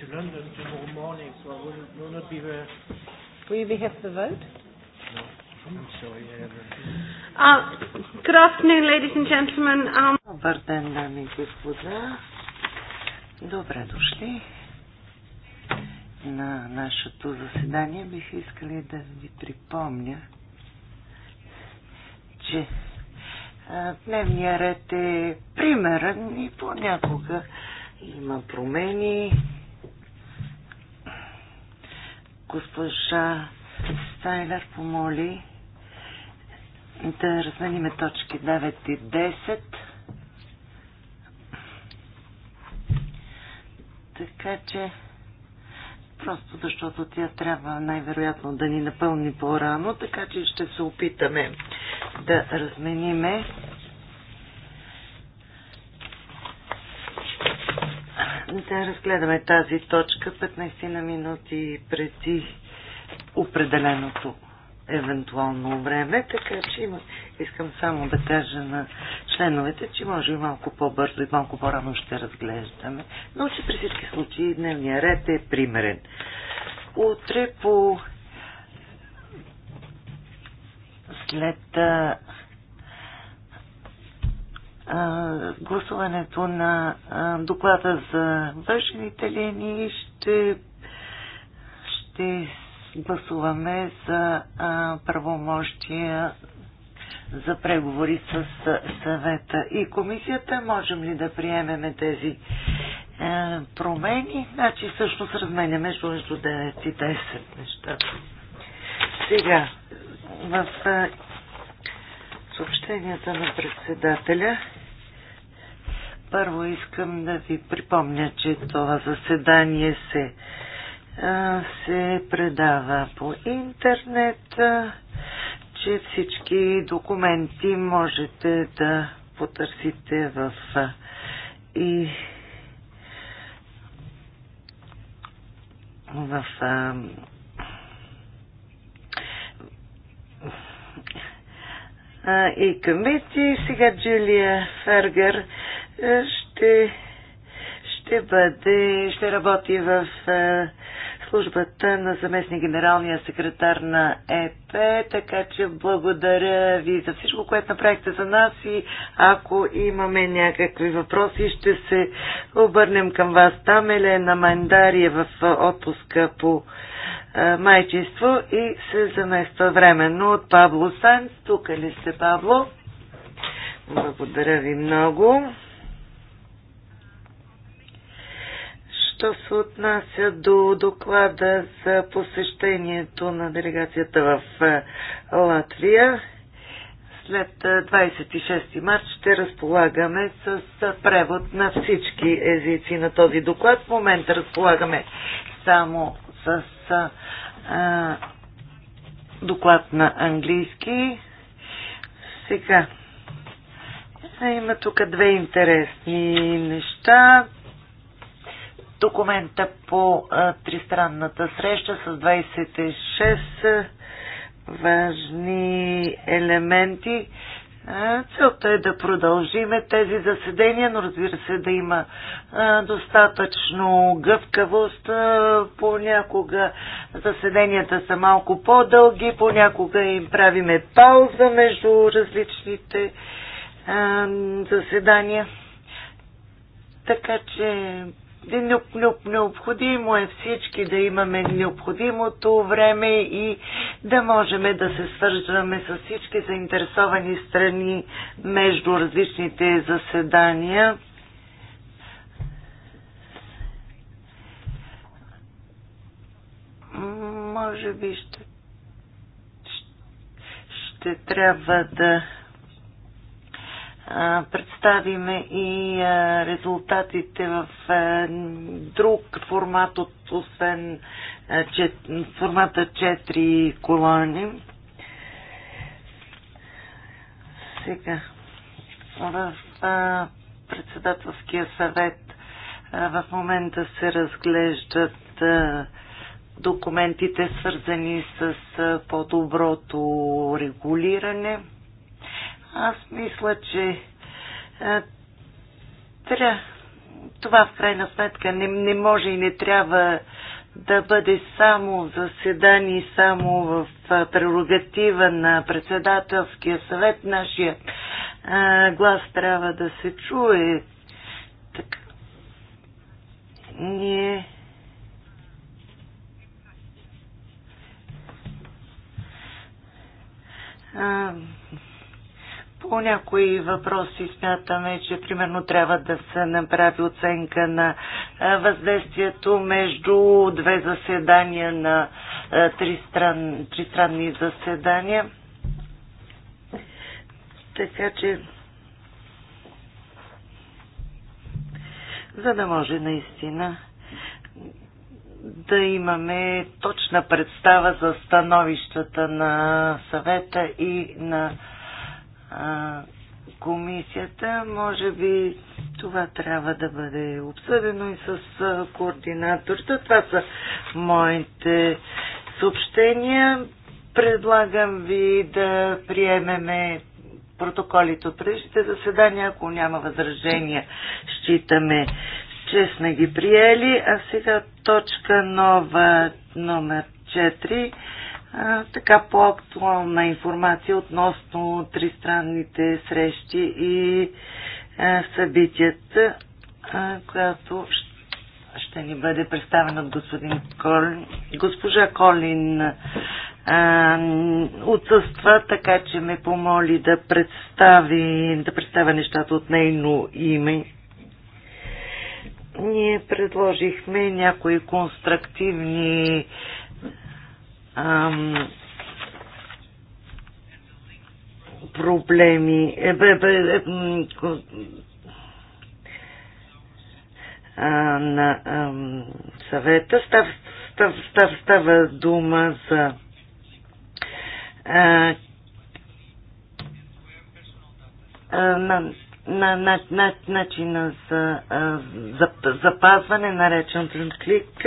to London tomorrow morning, so I will will not be there. Will you be here for the vote? No. Uh, good afternoon, ladies and gentlemen. Um... Добър ден, дами и господа. Добре дошли на нашето заседание. Бих искали да ви припомня, че дневния ред е примерен и понякога има промени, госпожа Стайлер помоли да размениме точки 9 и 10. Така че, просто защото тя трябва най-вероятно да ни напълни по-рано, така че ще се опитаме да размениме да разгледаме тази точка 15 на минути преди определеното евентуално време, така че има, искам само да кажа на членовете, че може и малко по-бързо и малко по-рано ще разглеждаме. Но че при всички случаи дневния ред е примерен. Утре по след гласуването на доклада за външните линии ще, ще гласуваме за правомощия за преговори с съвета и комисията. Можем ли да приемеме тези промени? Значи всъщност разменя между 9 и 10 нещата. Сега, в съобщенията на председателя първо искам да ви припомня, че това заседание се, се предава по интернет, че всички документи можете да потърсите в и в а, а, и към Бити. Сега Джулия Фергер ще, ще бъде, ще работи в е, службата на заместния генералния секретар на ЕП, така че благодаря ви за всичко, което направихте за нас и ако имаме някакви въпроси, ще се обърнем към вас. Там е на мандария в отпуска по е, майчество и се замества временно от Пабло Санс. Тук ли сте, Пабло? Благодаря ви много. Що се отнася до доклада за посещението на делегацията в е, Латвия, след 26 е, март ще разполагаме с е, превод на всички езици на този доклад. В момента разполагаме само с а, доклад на английски. Сега има тук две интересни неща документа по а, тристранната среща с 26 важни елементи. Целта е да продължиме тези заседения, но разбира се да има а, достатъчно гъвкавост. А, понякога заседенията са малко по-дълги, понякога им правиме пауза между различните а, заседания. Така че Необходимо е всички да имаме необходимото време и да можем да се свързваме с всички заинтересовани страни между различните заседания. Може би ще, ще трябва да представиме и резултатите в друг формат, от, освен формата 4 колони. Сега, в председателския съвет в момента се разглеждат документите, свързани с по-доброто регулиране – аз мисля, че тря... това в крайна сметка не, не може и не трябва да бъде само заседание, само в прерогатива на председателския съвет. Нашия а, глас трябва да се чуе. Так. Ние. А, по някои въпроси смятаме, че примерно трябва да се направи оценка на въздействието между две заседания на тристран, тристранни заседания. Така че за да може наистина да имаме точна представа за становищата на съвета и на комисията. Може би това трябва да бъде обсъдено и с а, координаторите. Това са моите съобщения. Предлагам ви да приемеме протоколите от предишните заседания. Ако няма възражения, считаме, че сме ги приели. А сега точка нова номер 4 така по-актуална информация относно тристранните срещи и а, събитията, а, която ще ни бъде представена от господин Колин. Госпожа Колин а, отсъства, така че ме помоли да представи, да представя нещата от нейно име. Ние предложихме някои конструктивни ам, проблеми. Е, бе, бе, е, ко... а, на ам, съвета став, став, став, става дума за а, а, на, на, на, на начина за а, запазване, речен клик.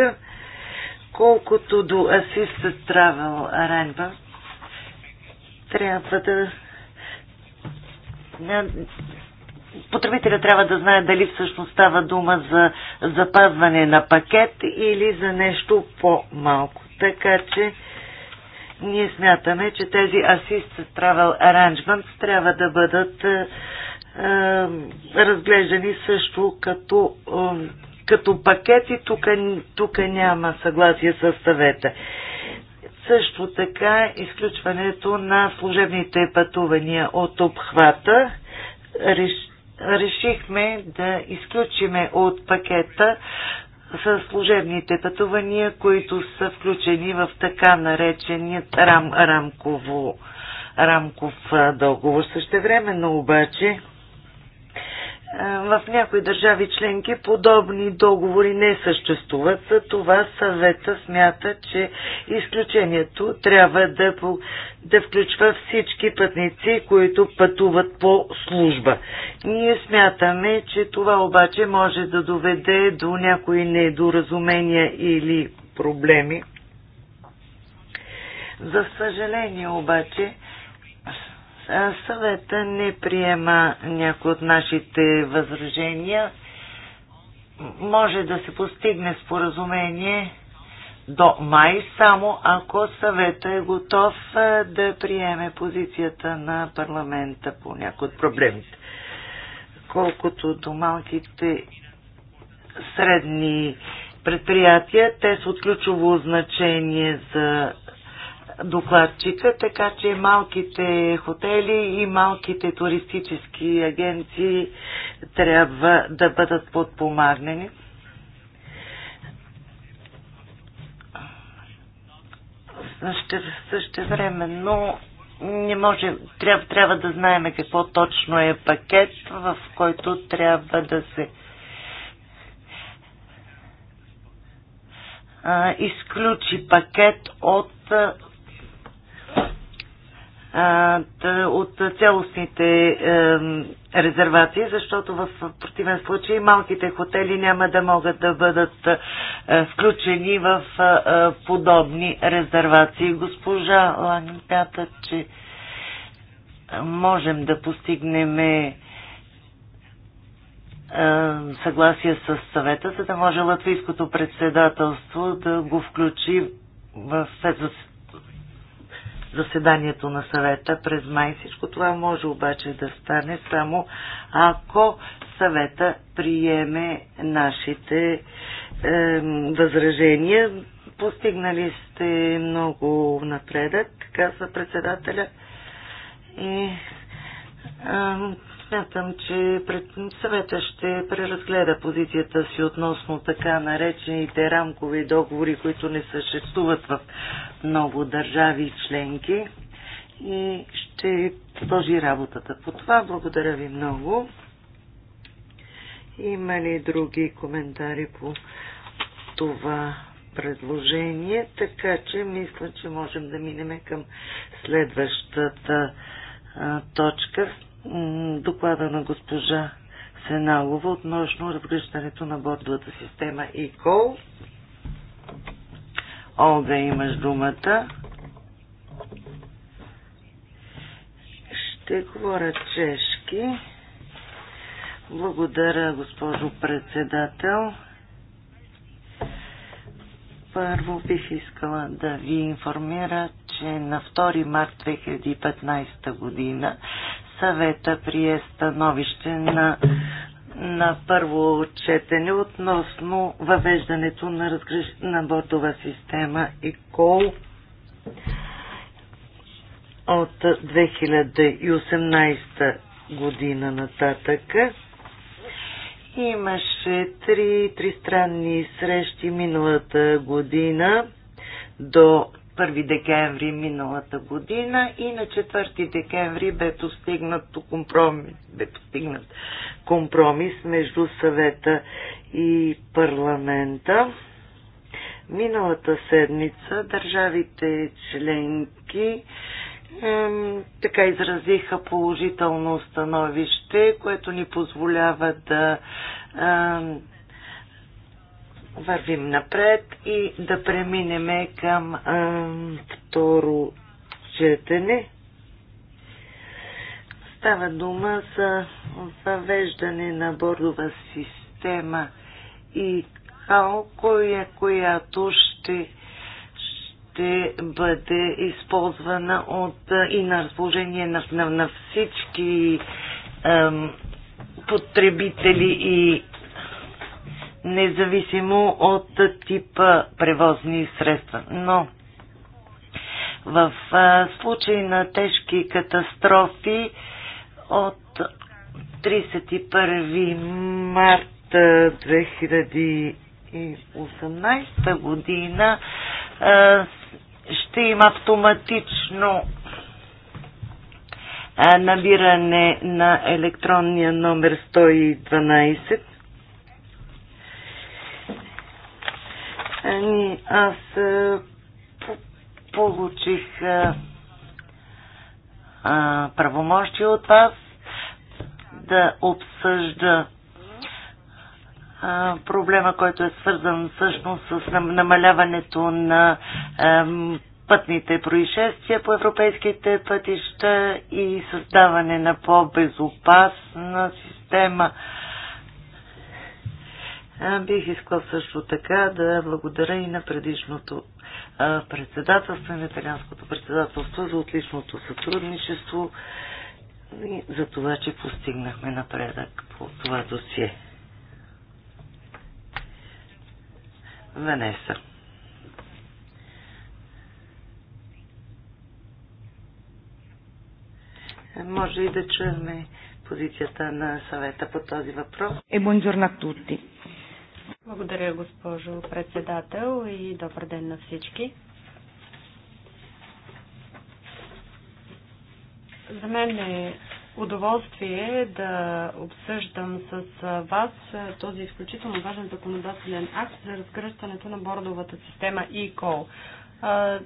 Колкото до Assisted Travel Аренба, трябва да потребителя трябва да знае дали всъщност става дума за запазване на пакет или за нещо по-малко. Така че ние смятаме, че тези Assist Travel Arrangements трябва да бъдат е, е разглеждани също като е, като пакети, тук, тук няма съгласие с съвета. Също така изключването на служебните пътувания от обхвата. Решихме да изключиме от пакета с служебните пътувания, които са включени в така нареченият рам, рамково, рамков договор. Същевременно обаче в някои държави членки подобни договори не съществуват, за това съвета смята, че изключението трябва да, да включва всички пътници, които пътуват по служба. Ние смятаме, че това обаче може да доведе до някои недоразумения или проблеми. За съжаление обаче, съвета не приема някои от нашите възражения, може да се постигне споразумение до май, само ако съвета е готов да приеме позицията на парламента по някои от проблемите. Колкото до малките средни предприятия, те са от ключово значение за докладчика, така че малките хотели и малките туристически агенции трябва да бъдат подпомагнени. Също, но не може, трябва, трябва да знаем какво точно е пакет, в който трябва да се а, изключи пакет от от цялостните резервации, защото в противен случай малките хотели няма да могат да бъдат е, включени в е, е, подобни резервации. Госпожа Ланг мята, че можем да постигнем съгласие с съвета, за да може латвийското председателство да го включи в заседанието на съвета през май. Всичко това може обаче да стане само ако съвета приеме нашите е, възражения. Постигнали сте много напредък, казва председателя. И Смятам, че пред съвета ще преразгледа позицията си относно така наречените рамкови договори, които не съществуват в много държави и членки и ще продължи работата по това. Благодаря ви много. Има ли други коментари по това предложение? Така че мисля, че можем да минем към следващата точка доклада на госпожа Сеналова относно разгръщането на бордовата система кол. Олга, имаш думата. Ще говоря чешки. Благодаря, госпожо председател. Първо бих искала да ви информира, че на 2 март 2015 година съвета прие становище на, на първо четене относно въвеждането на, разгреш... на бордова система кол от 2018 година нататък. Имаше три тристранни срещи миналата година до 1 декември миналата година и на 4 декември бе постигнат компромис, бе постигнат компромис между съвета и парламента. Миналата седмица държавите членки ем, така изразиха положително становище, което ни позволява да ем, вървим напред и да преминеме към а, второ четене. Става дума за въвеждане на бордова система и калко е, която ще, ще бъде използвана от, и на разположение на, на, на всички ам, потребители и независимо от типа превозни средства. Но в случай на тежки катастрофи от 31 март 2018 година ще има автоматично набиране на електронния номер 112 Е, аз е, получих е, правомощие от вас да обсъжда проблема, който е свързан всъщност с намаляването на пътните происшествия по европейските пътища и създаване на по-безопасна система Бих искал също така да благодаря и на предишното председателство, на италианското председателство за отличното сътрудничество и за това, че постигнахме напредък по това досие. Венеса. Може и да чуем позицията на съвета по този въпрос. Е, buongiorno тути. Благодаря, госпожо председател и добър ден на всички. За мен е удоволствие да обсъждам с вас този изключително важен законодателен акт за разгръщането на бордовата система e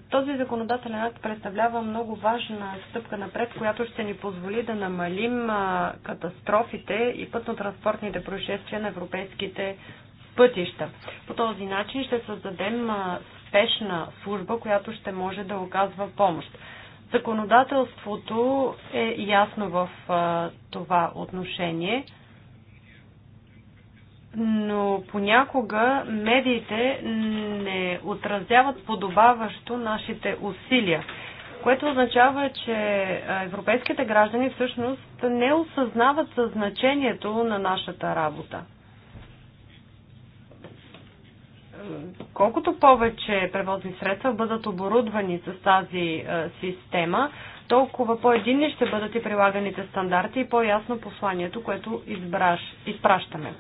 Този законодателен акт представлява много важна стъпка напред, която ще ни позволи да намалим катастрофите и пътно-транспортните происшествия на европейските пътища. По този начин ще създадем спешна служба, която ще може да оказва помощ. Законодателството е ясно в това отношение, но понякога медиите не отразяват подобаващо нашите усилия което означава, че европейските граждани всъщност не осъзнават значението на нашата работа колкото повече превозни средства бъдат оборудвани с тази е, система, толкова по-единни ще бъдат и прилаганите стандарти и по-ясно посланието, което избраш, изпращаме.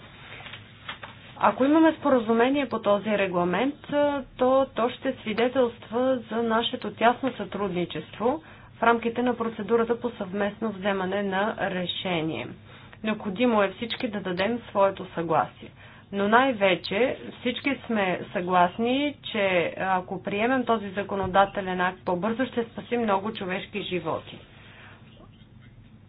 Ако имаме споразумение по този регламент, е, то то ще свидетелства за нашето тясно сътрудничество в рамките на процедурата по съвместно вземане на решение. Необходимо е всички да дадем своето съгласие. Но най-вече всички сме съгласни, че ако приемем този законодателен акт по-бързо, ще спасим много човешки животи.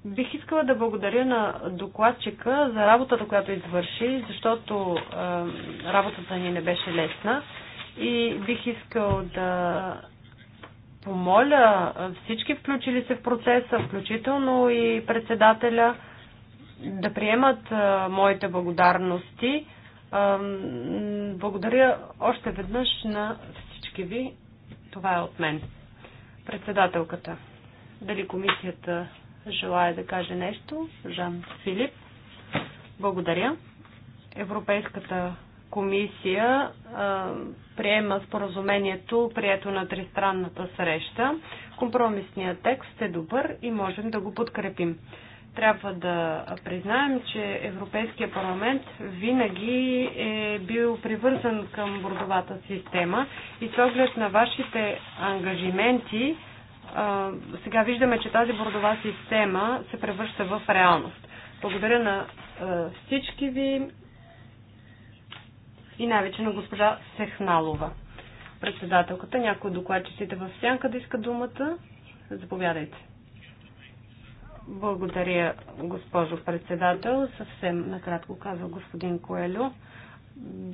Бих искала да благодаря на докладчика за работата, която извърши, защото е, работата ни не беше лесна и бих искал да помоля всички включили се в процеса, включително и председателя, да приемат е, моите благодарности благодаря още веднъж на всички ви. Това е от мен. Председателката. Дали комисията желая да каже нещо? Жан Филип. Благодаря. Европейската комисия а, приема споразумението, прието на тристранната среща. Компромисният текст е добър и можем да го подкрепим трябва да признаем, че Европейския парламент винаги е бил привързан към бордовата система и с оглед на вашите ангажименти, сега виждаме, че тази бордова система се превръща в реалност. Благодаря на всички ви и най-вече на госпожа Сехналова, председателката. Някои докладчиците в сянка да иска думата. Заповядайте. Благодаря, госпожо председател. Съвсем накратко казва господин Коелю.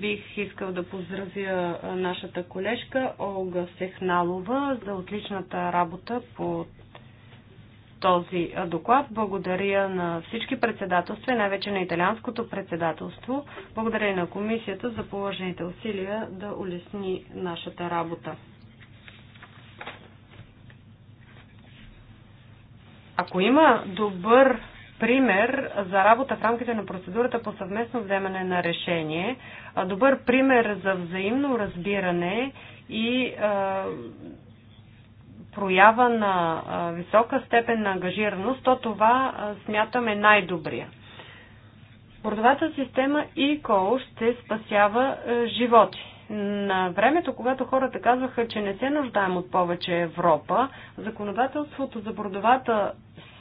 Бих искал да поздравя нашата колежка Олга Сехналова за отличната работа по този доклад. Благодаря на всички председателства и най-вече на италианското председателство. Благодаря и на комисията за положените усилия да улесни нашата работа. Ако има добър пример за работа в рамките на процедурата по съвместно вземане на решение, добър пример за взаимно разбиране и проява на висока степен на ангажираност, то това смятаме най-добрия. Бордовата система ECOL ще спасява животи. На времето, когато хората казваха, че не се нуждаем от повече Европа, законодателството за бордовата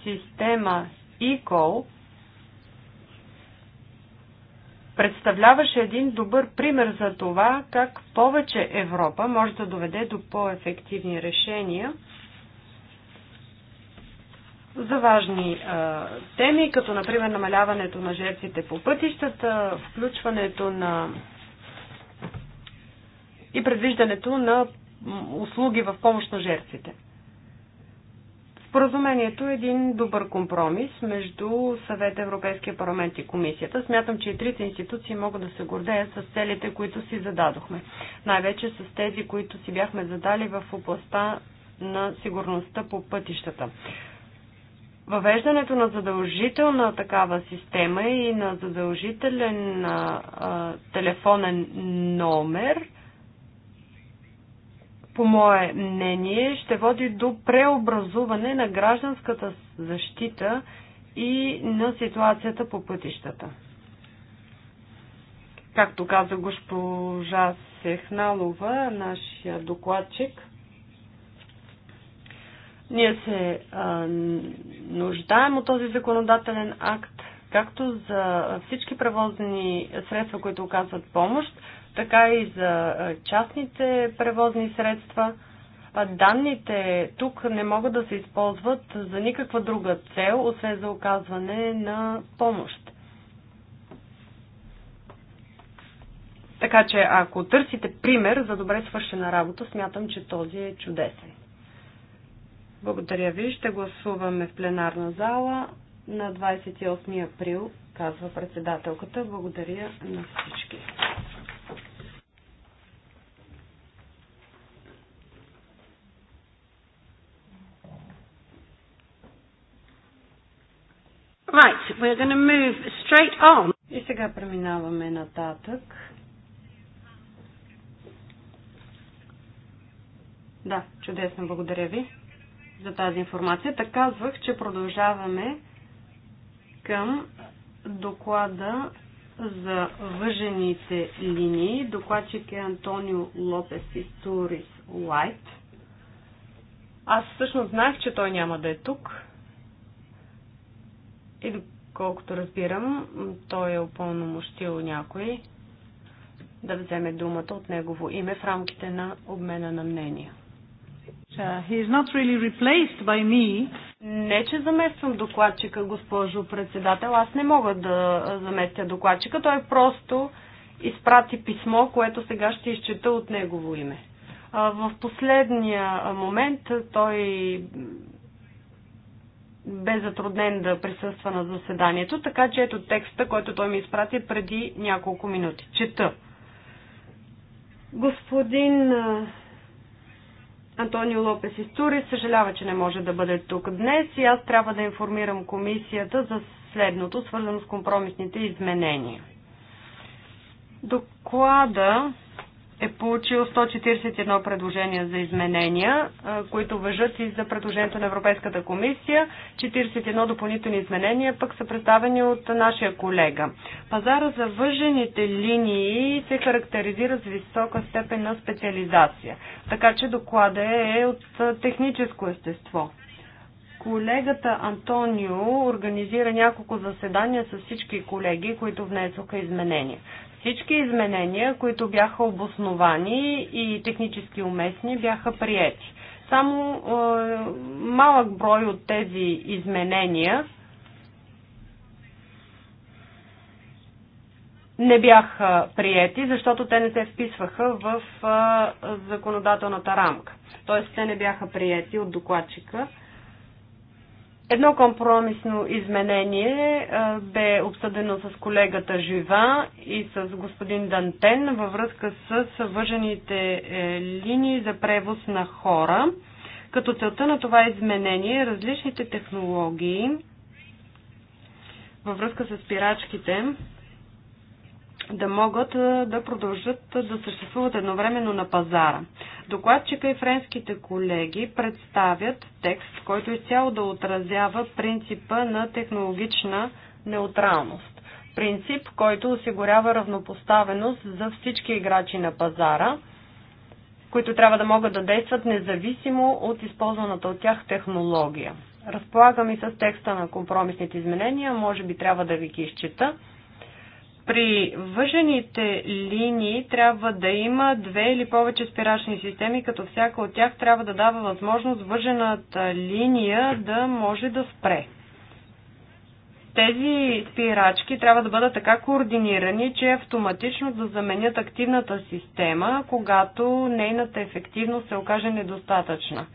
система ECOL представляваше един добър пример за това как повече Европа може да доведе до по-ефективни решения за важни а, теми, като например намаляването на жертвите по пътищата, включването на и предвиждането на услуги в помощ на жертвите. Споразумението е един добър компромис между Съвет Европейския парламент и комисията. Смятам, че и трите институции могат да се гордеят с целите, които си зададохме. Най-вече с тези, които си бяхме задали в областта на сигурността по пътищата. Въвеждането на задължителна такава система и на задължителен а, телефонен номер – по мое мнение, ще води до преобразуване на гражданската защита и на ситуацията по пътищата. Както каза госпожа Сехналова, нашия докладчик, ние се а, нуждаем от този законодателен акт, както за всички превозни средства, които оказват помощ, така и за частните превозни средства. Данните тук не могат да се използват за никаква друга цел, освен за оказване на помощ. Така че, ако търсите пример за добре свършена работа, смятам, че този е чудесен. Благодаря ви. Ще гласуваме в пленарна зала на 28 април, казва председателката. Благодаря на всички. Right, we're going to move straight on. И сега преминаваме нататък. Да, чудесно, благодаря ви за тази информация. Така казвах, че продължаваме към доклада за въжените линии. Докладчик е Антонио Лопес и Турис Лайт. Аз всъщност знаех, че той няма да е тук, и доколкото разбирам, той е опълномощил някой да вземе думата от негово име в рамките на обмена на мнения. Really не, че замествам докладчика, госпожо председател. Аз не мога да заместя докладчика. Той просто изпрати писмо, което сега ще изчета от негово име. В последния момент той бе затруднен да присъства на заседанието, така че ето текста, който той ми изпрати преди няколко минути. Чета. Господин Антонио Лопес Истури, съжалява, че не може да бъде тук днес и аз трябва да информирам комисията за следното, свързано с компромисните изменения. Доклада е получил 141 предложения за изменения, които въжат и за предложението на Европейската комисия. 41 допълнителни изменения пък са представени от нашия колега. Пазара за въжените линии се характеризира с висока степен на специализация, така че доклада е от техническо естество. Колегата Антонио организира няколко заседания с всички колеги, които внесоха изменения. Всички изменения, които бяха обосновани и технически уместни, бяха приети. Само е, малък брой от тези изменения не бяха приети, защото те не се вписваха в е, законодателната рамка. Тоест, те не бяха приети от докладчика Едно компромисно изменение а, бе обсъдено с колегата Жива и с господин Дантен във връзка с съвържените е, линии за превоз на хора. Като целта на това изменение е различните технологии във връзка с пирачките да могат да продължат да съществуват едновременно на пазара. Докладчика и френските колеги представят текст, който изцяло да отразява принципа на технологична неутралност. Принцип, който осигурява равнопоставеност за всички играчи на пазара, които трябва да могат да действат независимо от използваната от тях технология. Разполагам и с текста на компромисните изменения, може би трябва да ви ги изчита. При въжените линии трябва да има две или повече спирачни системи, като всяка от тях трябва да дава възможност въжената линия да може да спре. Тези спирачки трябва да бъдат така координирани, че автоматично да заменят активната система, когато нейната ефективност се окаже недостатъчна.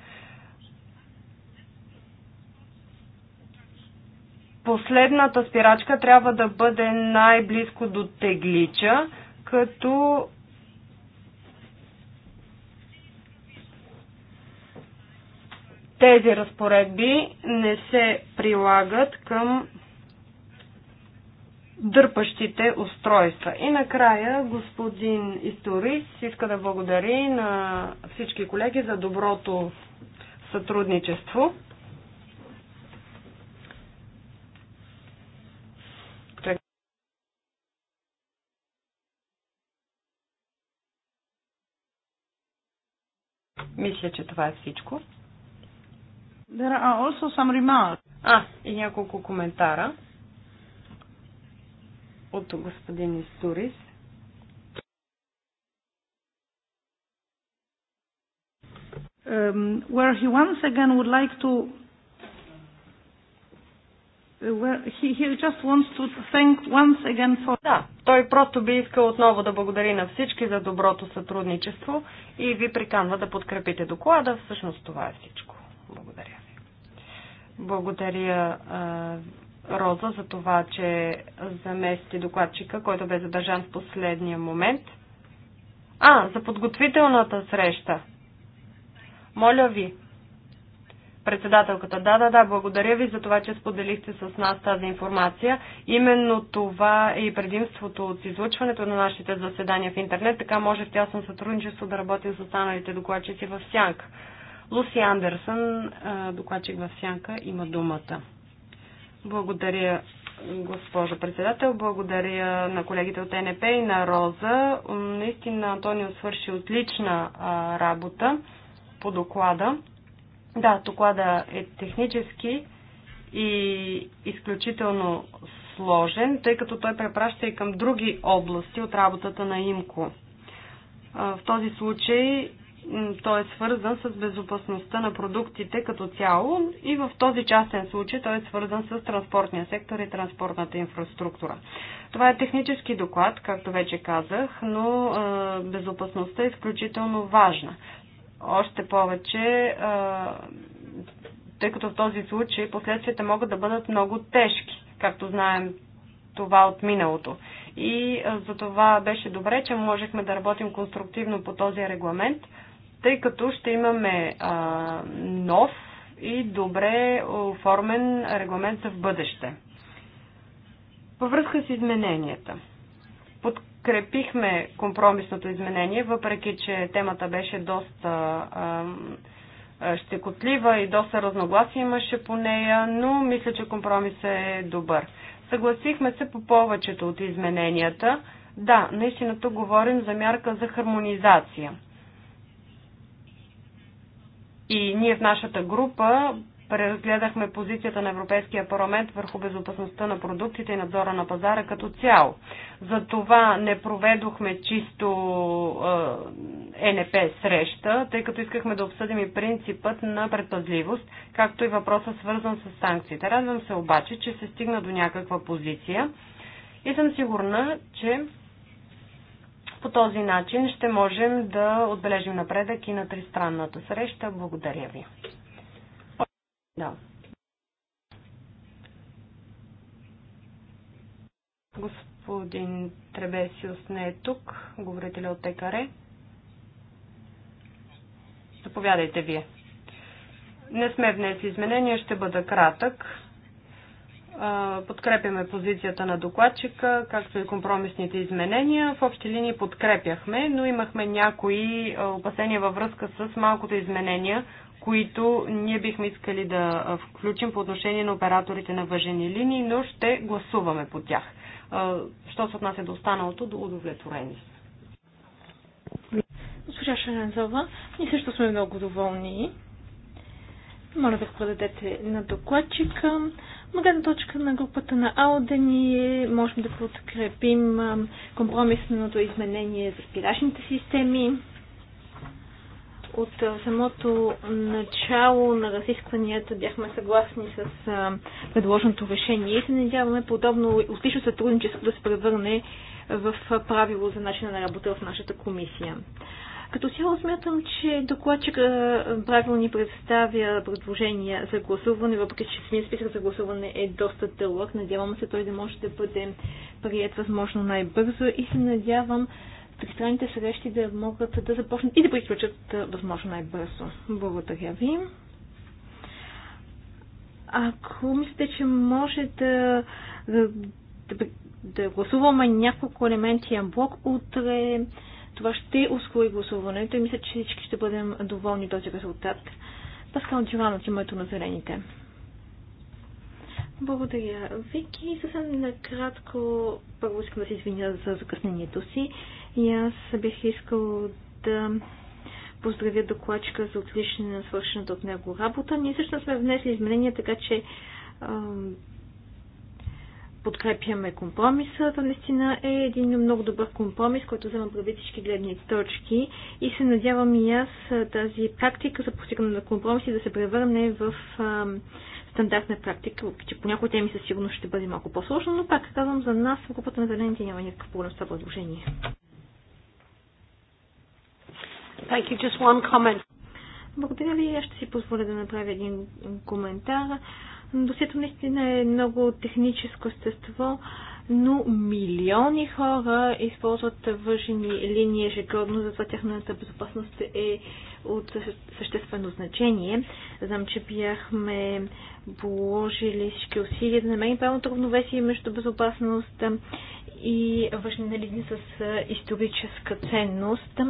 последната спирачка трябва да бъде най-близко до теглича, като тези разпоредби не се прилагат към дърпащите устройства. И накрая господин Историс иска да благодари на всички колеги за доброто сътрудничество. Мисля, че това е всичко. There are also some remarks. А, и няколко коментара от господин Исурис. Um, where he once again would like to да, той просто би искал отново да благодари на всички за доброто сътрудничество и ви приканва да подкрепите доклада. Всъщност това е всичко. Благодаря ви. Благодаря Роза за това, че замести докладчика, който бе задържан в последния момент. А, за подготвителната среща. Моля ви, Председателката, да, да, да, благодаря ви за това, че споделихте с нас тази информация. Именно това е и предимството от излучването на нашите заседания в интернет, така може в тясно сътрудничество да работим с останалите докладчици в сянка. Луси Андерсън, докладчик в сянка, има думата. Благодаря, госпожо председател. Благодаря на колегите от НП и на Роза. Наистина Антонио свърши отлична работа по доклада. Да, доклада е технически и изключително сложен, тъй като той препраща и към други области от работата на ИМКО. В този случай той е свързан с безопасността на продуктите като цяло и в този частен случай той е свързан с транспортния сектор и транспортната инфраструктура. Това е технически доклад, както вече казах, но безопасността е изключително важна. Още повече, тъй като в този случай последствията могат да бъдат много тежки, както знаем това от миналото. И за това беше добре, че можехме да работим конструктивно по този регламент, тъй като ще имаме нов и добре оформен регламент за в бъдеще. Във връзка с измененията подкрепихме компромисното изменение, въпреки че темата беше доста щекотлива и доста разногласи имаше по нея, но мисля, че компромисът е добър. Съгласихме се по повечето от измененията. Да, наистина тук говорим за мярка за хармонизация. И ние в нашата група преразгледахме позицията на Европейския парламент върху безопасността на продуктите и надзора на пазара като цяло. За това не проведохме чисто е, НП среща, тъй като искахме да обсъдим и принципът на предпазливост, както и въпроса свързан с санкциите. Радвам се обаче, че се стигна до някаква позиция и съм сигурна, че по този начин ще можем да отбележим напредък и на тристранната среща. Благодаря ви. Да. Господин Требесиус не е тук. Говорителя от ТКР. Заповядайте вие. Не сме внесли изменения, ще бъда кратък подкрепяме позицията на докладчика, както и компромисните изменения. В общи линии подкрепяхме, но имахме някои опасения във връзка с малкото изменения, които ние бихме искали да включим по отношение на операторите на въжени линии, но ще гласуваме по тях. Що се отнася до останалото, до удовлетворени. Госпожа Шанензова, ние също сме много доволни. Моля да подадете на докладчика гледна точка на групата на АОДА ние можем да подкрепим компромисното изменение за спирашните системи. От самото начало на разискванията бяхме съгласни с предложеното решение и се надяваме подобно отлично сътрудничество да се превърне в правило за начина на работа в нашата комисия. Като цяло смятам, че докладчика правилно ни представя предложения за гласуване, въпреки че самият списък за гласуване е доста дълъг. Надявам се той да може да бъде прият възможно най-бързо и се надявам тристранните срещи да могат да започнат и да приключат възможно най-бързо. Благодаря ви. Ако мислите, че може да, да, да гласуваме няколко елементи на блок утре, това ще ускори гласуването и мисля, че всички ще бъдем доволни този резултат. Паскал Дюран от името на зелените. Благодаря, Вики. Съвсем накратко, първо искам да се извиня за закъснението си. И аз бих искал да поздравя докладчика за отлична свършената от него работа. Ние всъщност сме внесли изменения, така че подкрепяме компромиса. Това наистина е един много добър компромис, който взема прави всички гледни точки и се надявам и аз тази практика за постигане на компромиси да се превърне в а, стандартна практика, че по някои теми със сигурност ще бъде малко по-сложно, но пак казвам, за нас в групата на зелените няма никакъв проблем с това предложение. Thank you. Just one comment. Благодаря ви. Аз ще си позволя да направя един коментар. Досието наистина е много техническо естество, но милиони хора използват въжени линии ежегодно, затова тяхната безопасност е от съществено значение. Знам, че бяхме положили всички усилия да намерим правилното равновесие между безопасност и въжени линии с историческа ценност.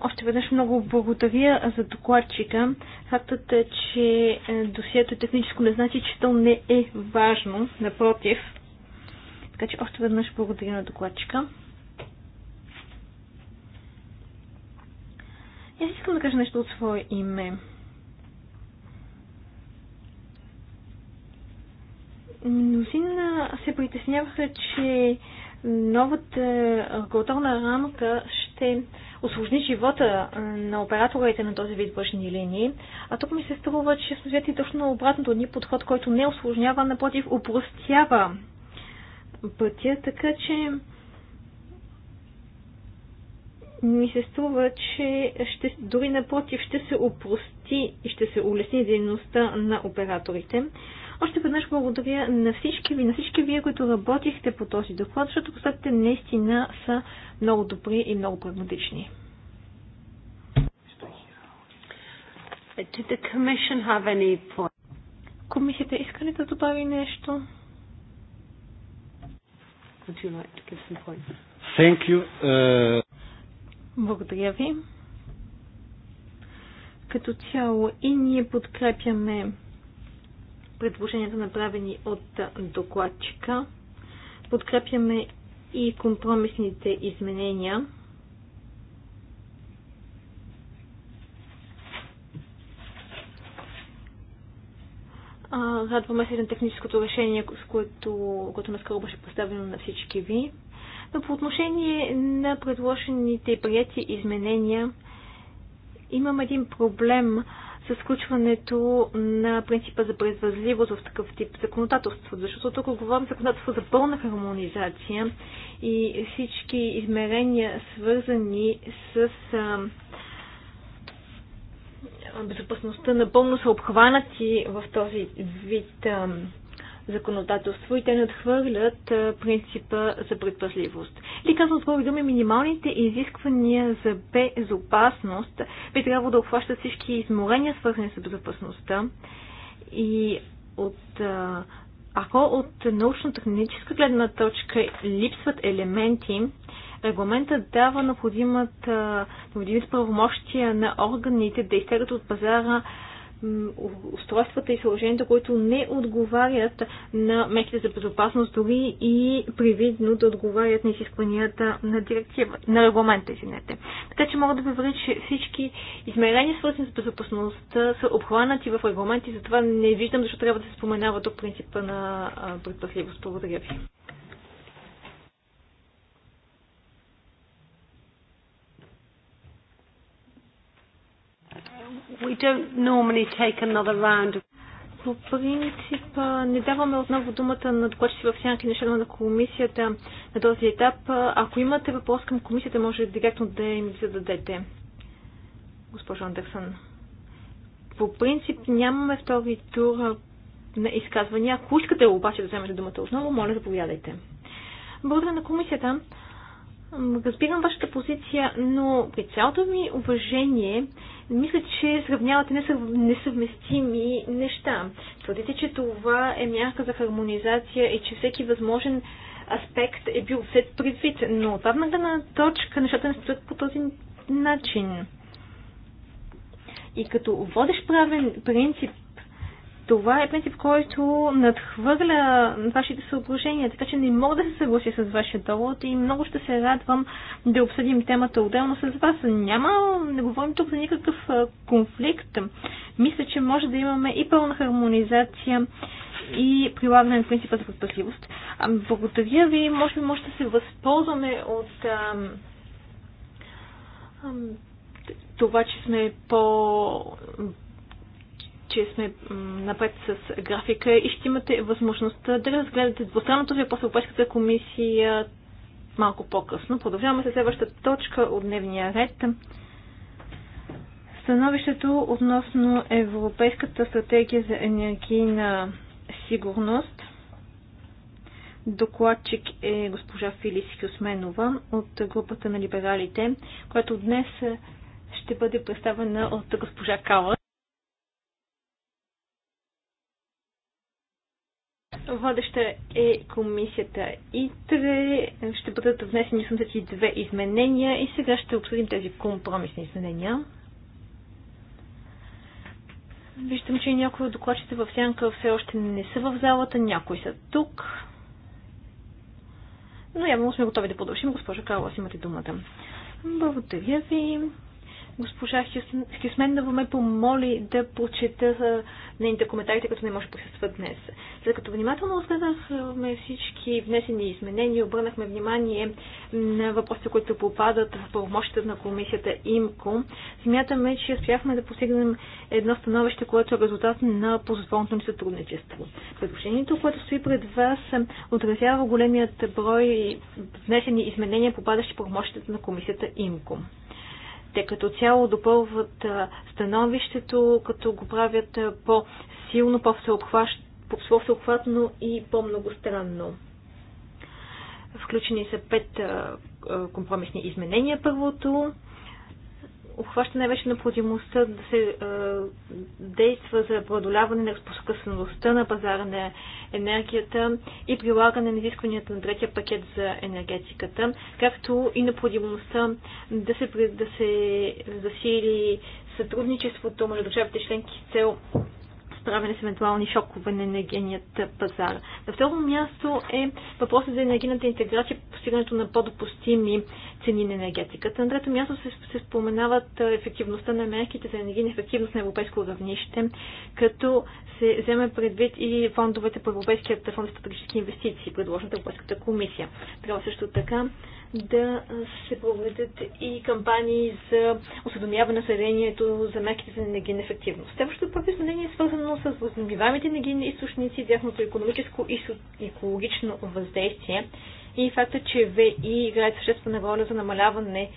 Още веднъж много благодаря за докладчика. Фактът е, че е, досието е техническо не значи, че то не е важно, напротив. Така че още веднъж благодаря на докладчика. И аз искам да кажа нещо от свое име. Мнозина се притесняваха, че новата регулаторна рамка ще осложни живота на операторите на този вид външни линии. А тук ми се струва, че сме взети точно обратното ни подход, който не осложнява, напротив, упростява пътя, така че ми се струва, че ще, дори напротив ще се опрости и ще се улесни дейността на операторите. Още веднъж благодаря на всички ви, на всички вие, които работихте по този доклад, защото докладите наистина са много добри и много прагматични. Комисията иска ли да добави нещо? Would you like to give some points? Thank you. Uh... Благодаря ви. Като цяло и ние подкрепяме предложенията направени от докладчика. Подкрепяме и компромисните изменения. Радваме се на техническото решение, с което, което наскоро беше поставено на всички ви. Но по отношение на предложените и прияти изменения, имам един проблем с включването на принципа за предвъзливост в такъв тип законодателство, защото тук говорим за законодателство за пълна хармонизация и всички измерения, свързани с а, безопасността, напълно са обхванати в този вид а, законодателство и те надхвърлят принципа за предпазливост. Или казвам с други думи, минималните изисквания за безопасност би трябвало да обхващат всички изморения, свързани с безопасността. И от, ако от научно-техническа гледна точка липсват елементи, регламентът дава необходимите правомощия на органите да изтегат от пазара устройствата и съоръженията, които не отговарят на мерките за безопасност, дори и привидно да отговарят на изискванията на, директива, на регламента. Извинете. Така че мога да ви че всички измерения, свързани с безопасността, са обхванати в регламент и затова не виждам защо трябва да се споменава тук принципа на предпазливост. Благодаря ви. we don't normally take another round. По принцип не даваме отново думата на докладчици в сянки на на комисията на този етап. Ако имате въпрос към комисията, може директно да им зададете. Госпожо Андерсън. По принцип нямаме втори тур на изказвания. Ако искате обаче да вземете думата отново, моля да повядайте. Благодаря на комисията. Разбирам вашата позиция, но при цялото ми уважение мисля, че сравнявате несъв... несъвместими неща. Твърдите, че това е мярка за хармонизация и че всеки възможен аспект е бил взет предвид, но от правна на точка нещата не стоят по този начин. И като водещ правен принцип това е принцип, който надхвърля вашите съображения, така че не мога да се съглася с вашия довод и много ще се радвам да обсъдим темата отделно с вас. Няма, не говорим тук за никакъв конфликт. Мисля, че може да имаме и пълна хармонизация и прилагане на принципа за предпазливост. Благодаря ви. Може би може да се възползваме от ам, ам, това, че сме по че сме напред с графика и ще имате възможността да разгледате двустранното ви после Европейската комисия малко по-късно. Продължаваме с следващата точка от дневния ред. Становището относно Европейската стратегия за енергийна сигурност. Докладчик е госпожа Филис Хюсменова от групата на либералите, която днес ще бъде представена от госпожа Кала. Водеща е комисията ИТРЕ. Ще бъдат внесени 82 изменения и сега ще обсъдим тези компромисни изменения. Виждам, че някои от докладчите в сянка все още не са в залата, някои са тук. Но явно сме готови да продължим. Госпожа Калас, имате думата. Благодаря ви. Госпожа Хюсменова ме помоли да прочета нейните коментарите, като не може да присъства днес. След като внимателно разгледахме всички внесени изменения, обърнахме внимание на въпросите, които попадат в правомощите на комисията ИМКО, смятаме, че успяхме да постигнем едно становище, което е резултат на позволното ни сътрудничество. Предложението, което стои пред вас, отразява големият брой внесени изменения, попадащи в правомощите на комисията ИМКО. Те като цяло допълват становището, като го правят по-силно, по-всеобхватно и по-многостранно. Включени са пет компромисни изменения. Първото обхваща най-вече необходимостта да се е, действа за преодоляване на разпокъсаността на пазара на енергията и прилагане на изискванията на третия пакет за енергетиката, както и необходимостта да се, да се засили сътрудничеството между държавите членки с цел справяне с евентуални шокове на енергийният пазар. На второ място е въпросът за енергийната интеграция, постигането на по-допустими цени на енергетиката. На трето място се, се споменават ефективността на мерките за енергийна ефективност на европейско равнище, като се вземе предвид и фондовете по Европейският фонд за стратегически инвестиции, предложен от Европейската комисия. Трябва също така да се проведат и кампании за на населението за мерките за енергийна ефективност. Следващото първо изменение е свързано с възобновяемите енергийни източници, тяхното економическо и екологично въздействие и факта, че ВИ играе съществена роля за намаляване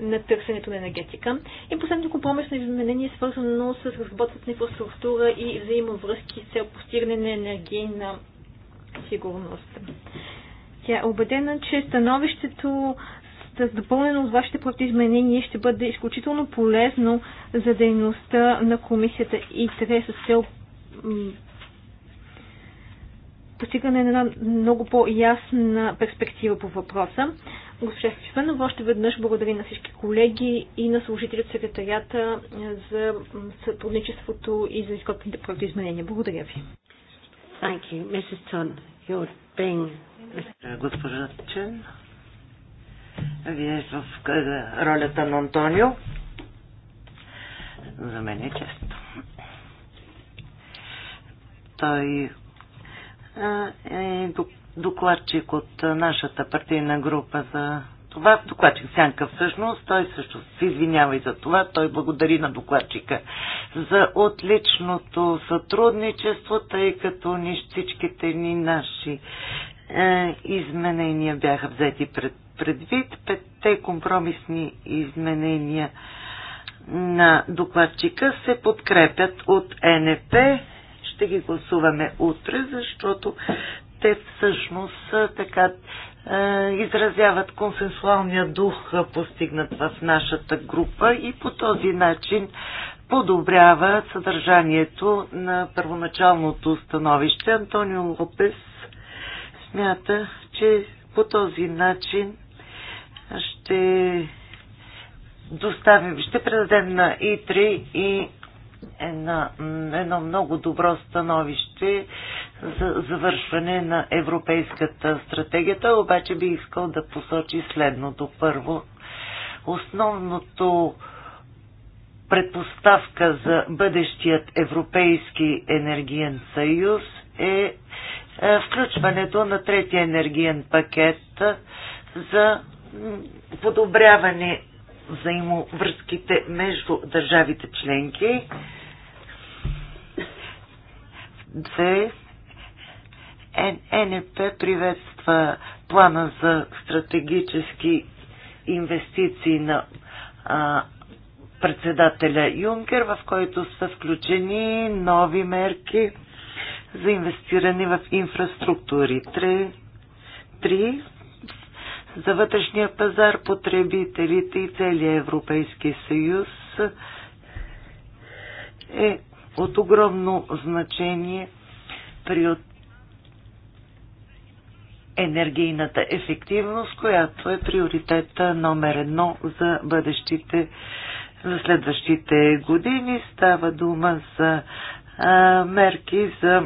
на търсенето на енергетика. И последното компромисно изменение е свързано с разработването на инфраструктура и взаимовръзки с цел постигане на енергийна сигурност. Тя е убедена, че становището с допълнено от вашите изменения ще бъде изключително полезно за дейността на комисията и ИТРЕ с цел постигане на една много по-ясна перспектива по въпроса. Госпожа Стефанова, още веднъж благодаря на всички колеги и на служители от секретарията за сътрудничеството и за изкопните проекти изменения. Благодаря ви. Thank you. Mrs. you're being... Госпожа Чен, вие в ролята на Антонио. За мен е често. Той е докладчик от нашата партийна група за това. Докладчик Сянка всъщност, той също се извинява и за това. Той благодари на докладчика за отличното сътрудничество, тъй като ни всичките ни наши е, изменения бяха взети пред, предвид. Петте компромисни изменения на докладчика се подкрепят от НП ще ги гласуваме утре, защото те всъщност така изразяват консенсуалния дух, постигнат в нашата група и по този начин подобрява съдържанието на първоначалното становище. Антонио Лопес смята, че по този начин ще доставим, ще предадем на ИТРИ и една, едно много добро становище за завършване на европейската стратегията, обаче би искал да посочи следното. Първо, основното предпоставка за бъдещият Европейски енергиен съюз е, е включването на третия енергиен пакет за подобряване взаимовръзките между държавите членки д. НП приветства плана за стратегически инвестиции на а, председателя Юнкер, в който са включени нови мерки за инвестиране в инфраструктури. три, три За вътрешния пазар потребителите и целия Европейски съюз е от огромно значение при енергийната ефективност, която е приоритета номер едно за бъдещите, за следващите години. Става дума за а, мерки за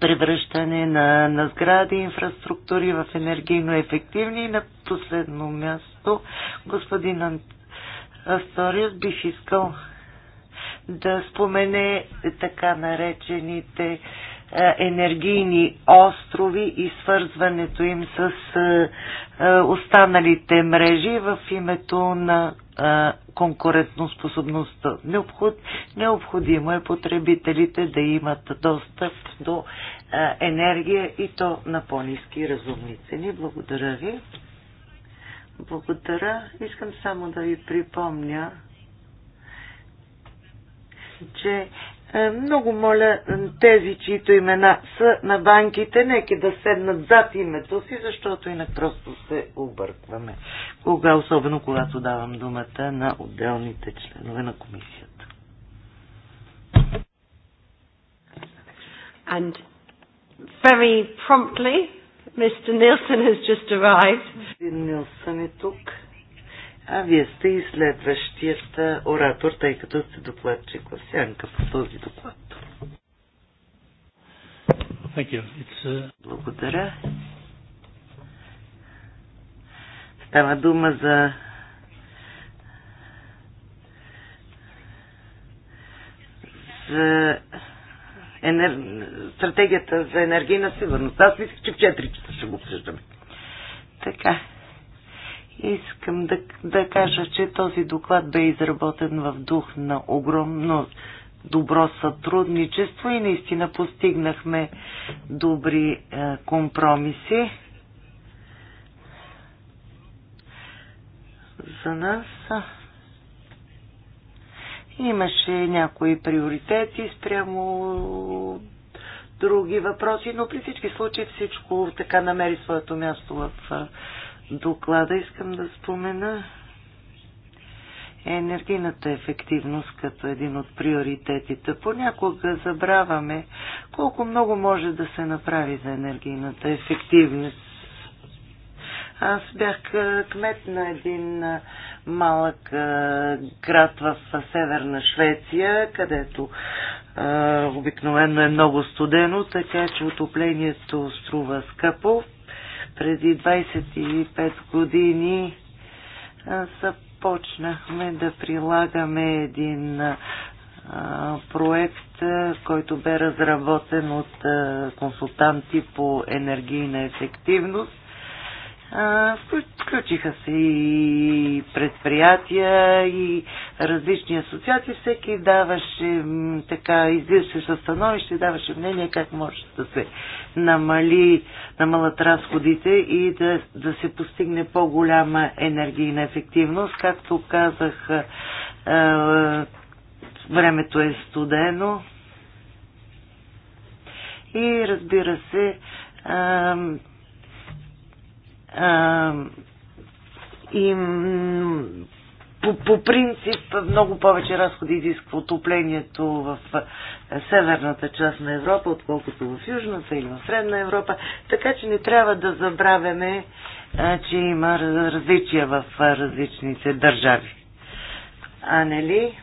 превръщане на, на сгради, инфраструктури в енергийно ефективни и на последно място господин Асториус, Асторис бих искал да спомене така наречените е, енергийни острови и свързването им с е, е, останалите мрежи в името на конкурентоспособността. Необход, необходимо е потребителите да имат достъп до енергия и то на по-низки разумни цени. Благодаря ви. Благодаря. Искам само да ви припомня, че е, много моля е, тези, чието имена са на банките, нека да седнат зад името си, защото и просто се объркваме. Кога, особено когато давам думата на отделните членове на комисията. And very promptly, Mr. Nielsen has just arrived. Нилсън е тук. А вие сте и следващият оратор, тъй като сте докладчик в сянка по този доклад. Uh... Благодаря. Става дума за за енер... стратегията за енергийна сигурност. Аз мисля, че в 4 часа ще го обсъждаме. Така. Искам да, да кажа, че този доклад бе изработен в дух на огромно добро сътрудничество и наистина постигнахме добри е, компромиси. За нас имаше някои приоритети спрямо други въпроси, но при всички случаи всичко така намери своето място в е, доклада искам да спомена е енергийната ефективност като един от приоритетите. Понякога забравяме колко много може да се направи за енергийната ефективност. Аз бях кмет на един малък град в северна Швеция, където обикновено е много студено, така че отоплението струва скъпо преди 25 години започнахме да прилагаме един проект, който бе разработен от консултанти по енергийна ефективност Включиха се и предприятия, и различни асоциации. Всеки даваше така, излизаше със становище, даваше мнение как може да се намали, намалят разходите и да, да се постигне по-голяма енергийна ефективност. Както казах, времето е студено и разбира се, и по, по принцип много повече разходи изисква отоплението в северната част на Европа, отколкото в южната или в средна Европа. Така че не трябва да забравяме, че има различия в различните държави. А не ли?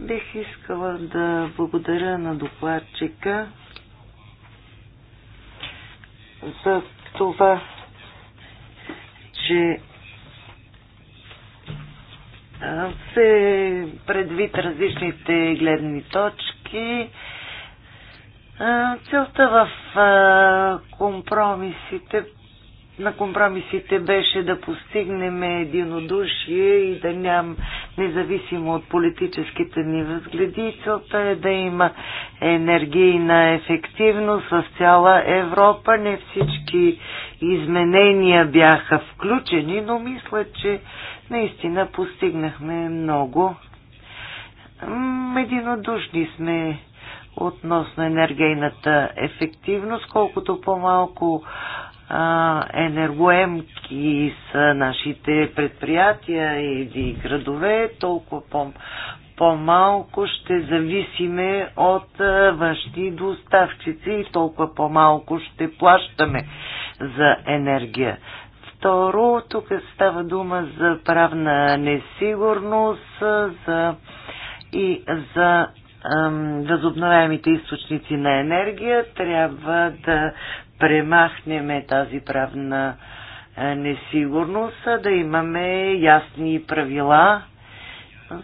бих искала да благодаря на докладчика за това, че се предвид различните гледни точки. Целта в компромисите на компромисите беше да постигнем единодушие и да ням, независимо от политическите ни възгледи, целта е да има енергийна ефективност в цяла Европа. Не всички изменения бяха включени, но мисля, че наистина постигнахме много. Единодушни сме относно енергийната ефективност, колкото по-малко енергоемки са нашите предприятия или градове, толкова по- по-малко ще зависиме от външни доставчици и толкова по-малко ще плащаме за енергия. Второ, тук става дума за правна несигурност за, и за възобновяемите източници на енергия. Трябва да премахнеме тази правна е, несигурност, а да имаме ясни правила,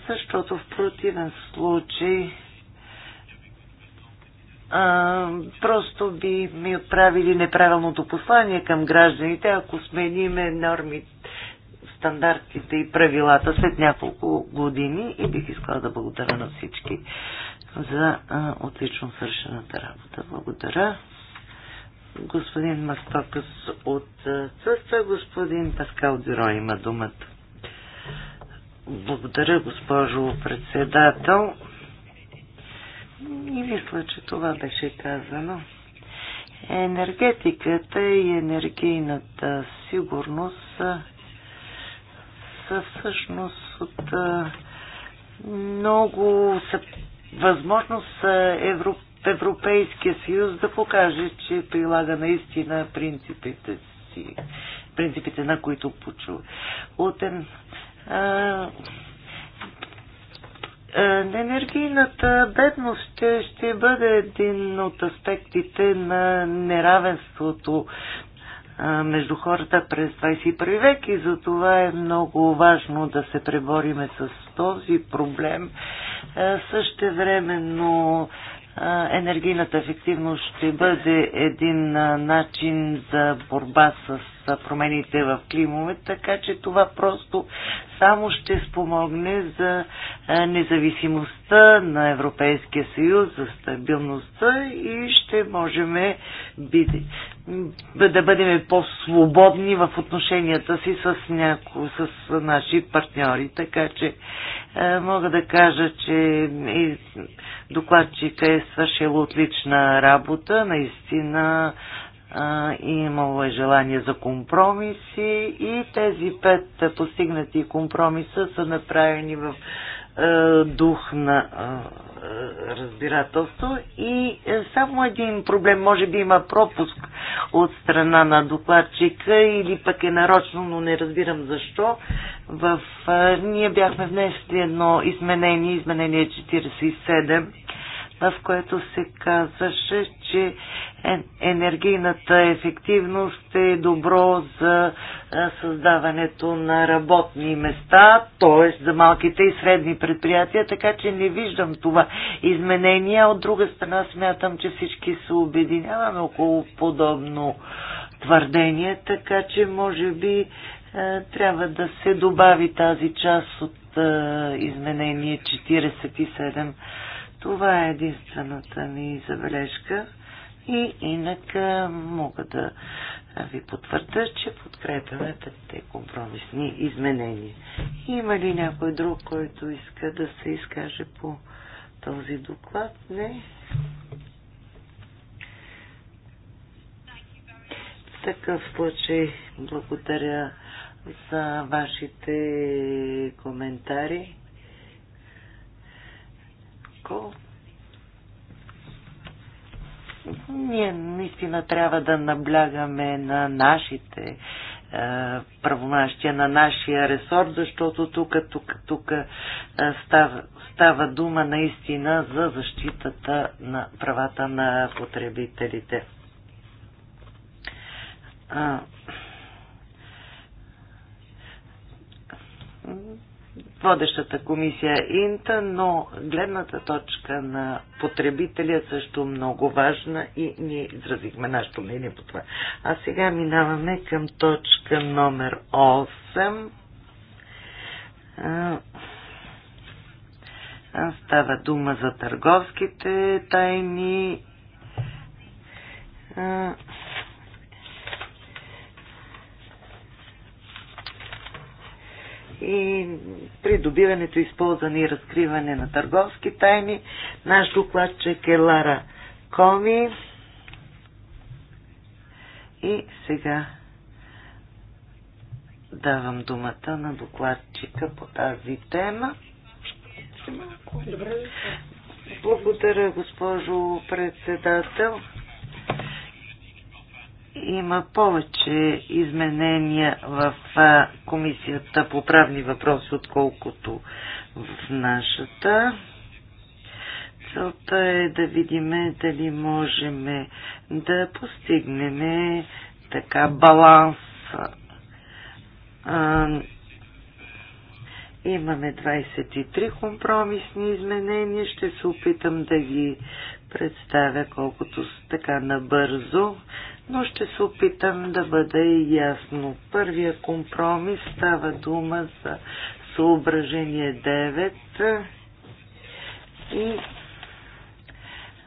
защото в противен случай а, просто би ми отправили неправилното послание към гражданите, ако смениме норми, стандартите и правилата след няколко години и бих искала да благодаря на всички за а, отлично свършената работа. Благодаря господин Мастокас от Църква, господин Паскал Дюро има думата. Благодаря, госпожо председател. И мисля, че това беше казано. Енергетиката и енергийната сигурност са, са всъщност от много са, възможност Европа Европейския съюз да покаже, че прилага наистина принципите си, принципите на които почува. От ен, а, Енергийната бедност ще, ще бъде един от аспектите на неравенството между хората през 21 век и за това е много важно да се пребориме с този проблем. Същевременно енергийната ефективност ще бъде един начин за борба с промените в климове, така че това просто само ще спомогне за независимостта на Европейския съюз, за стабилността и ще можем е, да бъдем по-свободни в отношенията си с, няко, с наши партньори. Така че е, мога да кажа, че докладчика е свършила отлична работа, наистина е, имало е желание за компромиси и тези пет постигнати компромиса са направени в е, дух на разбирателство и само един проблем, може би има пропуск от страна на докладчика или пък е нарочно, но не разбирам защо. В, ние бяхме внесли едно изменение, изменение 47 в което се казваше, че енергийната ефективност е добро за създаването на работни места, т.е. за малките и средни предприятия, така че не виждам това изменение. От друга страна смятам, че всички се обединяваме около подобно твърдение, така че може би трябва да се добави тази част от изменение 47 това е единствената ми забележка. И инак мога да ви потвърда, че подкрепяме тези компромисни изменения. Има ли някой друг, който иска да се изкаже по този доклад? Не. В такъв случай благодаря за вашите коментари. Марко. Ние наистина трябва да наблягаме на нашите е, правомащия, на нашия ресор, защото тук, тук, тук е, става, става дума наистина за защитата на правата на потребителите. А, водещата комисия Инта, но гледната точка на потребителя е също много важна и ние изразихме нашето мнение по това. А сега минаваме към точка номер 8. Става дума за търговските тайни и придобиването, използване и разкриване на търговски тайни. Наш докладчик е Лара Коми. И сега давам думата на докладчика по тази тема. Благодаря, госпожо председател има повече изменения в комисията по правни въпроси, отколкото в нашата. Целта е да видим дали можем да постигнем така баланс. Имаме 23 компромисни изменения. Ще се опитам да ги представя колкото така набързо но ще се опитам да бъда ясно. Първия компромис става дума за съображение 9 и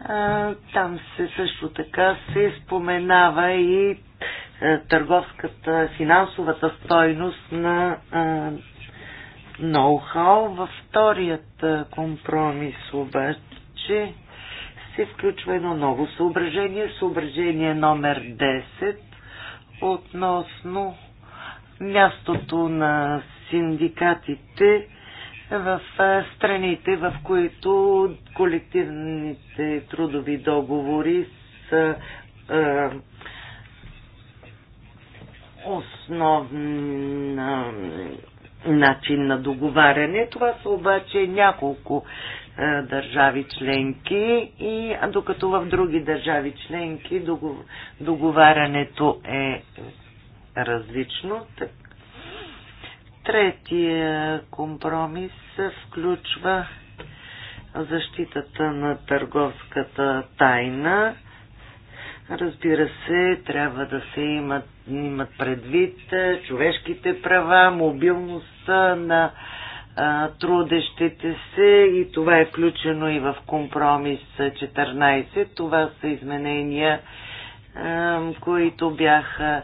а, там се също така се споменава и а, търговската, финансовата стойност на а, ноу-хау. Във вторият компромис обаче се включва едно ново съображение, съображение номер 10 относно мястото на синдикатите в страните, в които колективните трудови договори са е, основен начин на договаряне. Това са обаче няколко е, държави членки и а докато в други държави членки договарянето е различно. Третия компромис включва защитата на търговската тайна. Разбира се, трябва да се имат, имат предвид е, човешките права, мобилността на трудещите се и това е включено и в компромис 14. Това са изменения, които бяха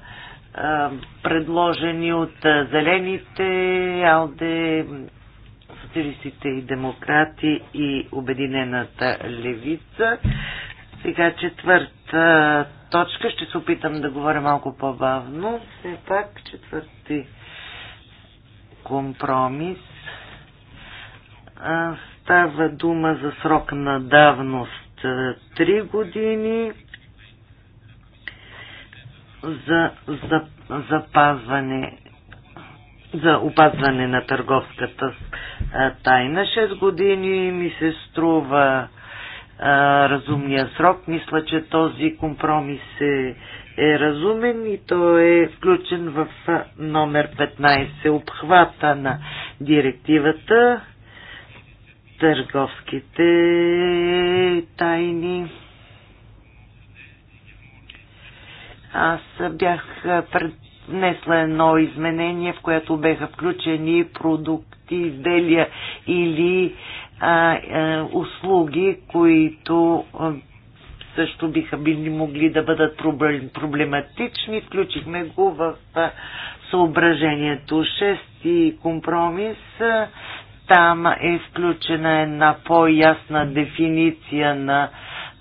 предложени от зелените, АЛДЕ, социалистите и демократи и Обединената левица. Сега четвърта точка. Ще се опитам да говоря малко по-бавно. Все пак четвърти компромис Става дума за срок на давност 3 години за, за запазване за опазване на търговската тайна. 6 години ми се струва а, разумния срок. Мисля, че този компромис е, е разумен и то е включен в номер 15 обхвата на директивата търговските тайни. Аз бях преднесла едно изменение, в което беха включени продукти, изделия или а, а, услуги, които а, също биха били могли да бъдат проблематични. Включихме го в съображението 6 и компромис. Там е изключена една по-ясна дефиниция на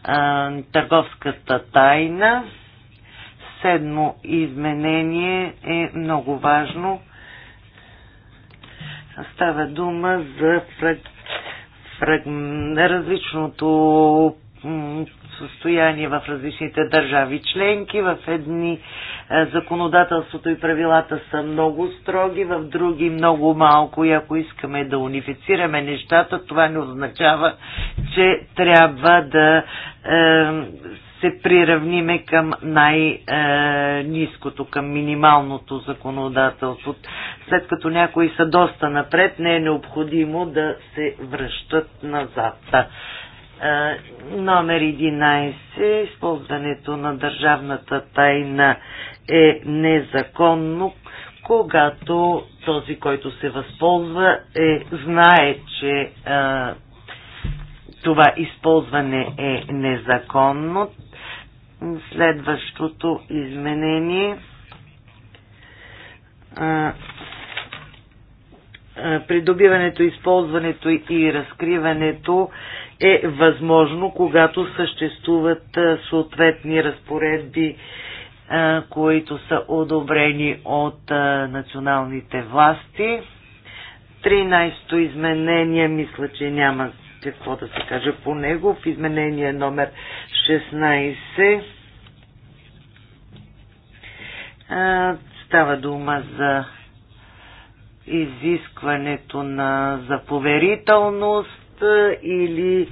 а, търговската тайна. Седмо изменение е много важно. Става дума за фраг... Фраг... различното състояние в различните държави членки. В едни е, законодателството и правилата са много строги, в други много малко и ако искаме да унифицираме нещата, това не означава, че трябва да е, се приравниме към най-низкото, към минималното законодателство. След като някои са доста напред, не е необходимо да се връщат назад. Номер 11. Използването на държавната тайна е незаконно, когато този, който се възползва, е, знае, че а, това използване е незаконно. Следващото изменение а, придобиването, използването и разкриването е възможно, когато съществуват съответни разпоредби, които са одобрени от националните власти. 13-то изменение, мисля, че няма какво да се каже по него. В изменение номер 16 става дума за изискването на заповерителност или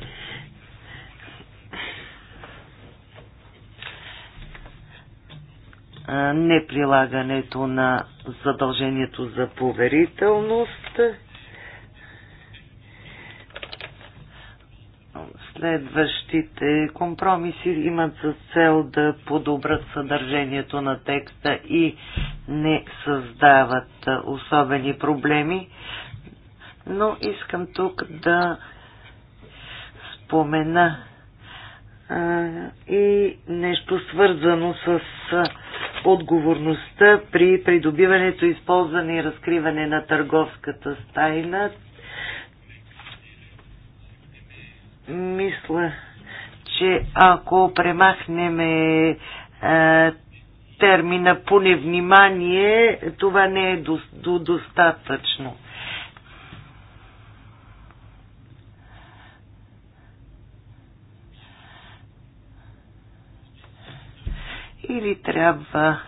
неприлагането на задължението за поверителност. Следващите компромиси имат за цел да подобрат съдържанието на текста и не създават особени проблеми, но искам тук да спомена а, и нещо свързано с а, отговорността при придобиването, използване и разкриване на търговската стайна. Мисля, че ако премахнеме а, термина по невнимание, това не е до, до, достатъчно. или трябва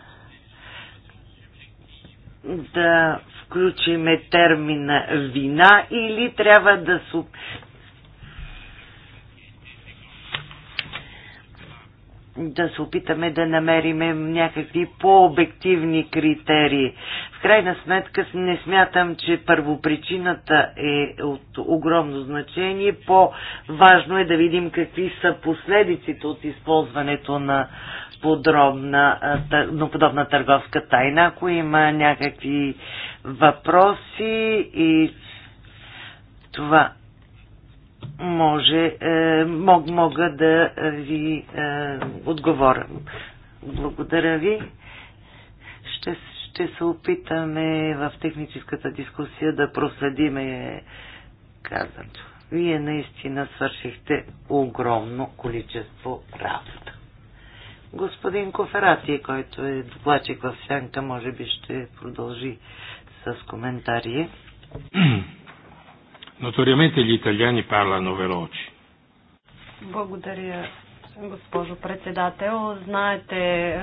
да включиме термина вина или трябва да су... да се опитаме да намериме някакви по-обективни критерии. В крайна сметка не смятам, че първопричината е от огромно значение. По-важно е да видим какви са последиците от използването на подробна, но подобна търговска тайна. Ако има някакви въпроси и това може, е, мог, мога да ви е, отговоря. Благодаря ви. Ще, ще се опитаме в техническата дискусия да проследиме казаното. Вие наистина свършихте огромно количество работа. Господин Коферати, който е докладчик в сянка, може би ще продължи с коментари. Notoriamente ли italiani парла новелочи? Благодаря, госпожо председател. Знаете е,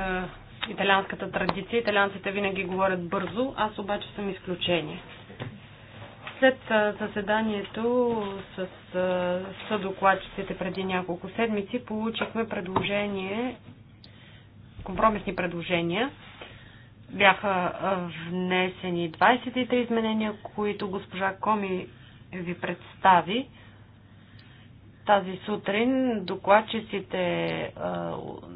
италианската традиция. Италианците винаги говорят бързо. Аз обаче съм изключение. След е, заседанието с е, съдокладчиците преди няколко седмици получихме предложение компромисни предложения. Бяха внесени 23 изменения, които госпожа Коми ви представи. Тази сутрин докладчиците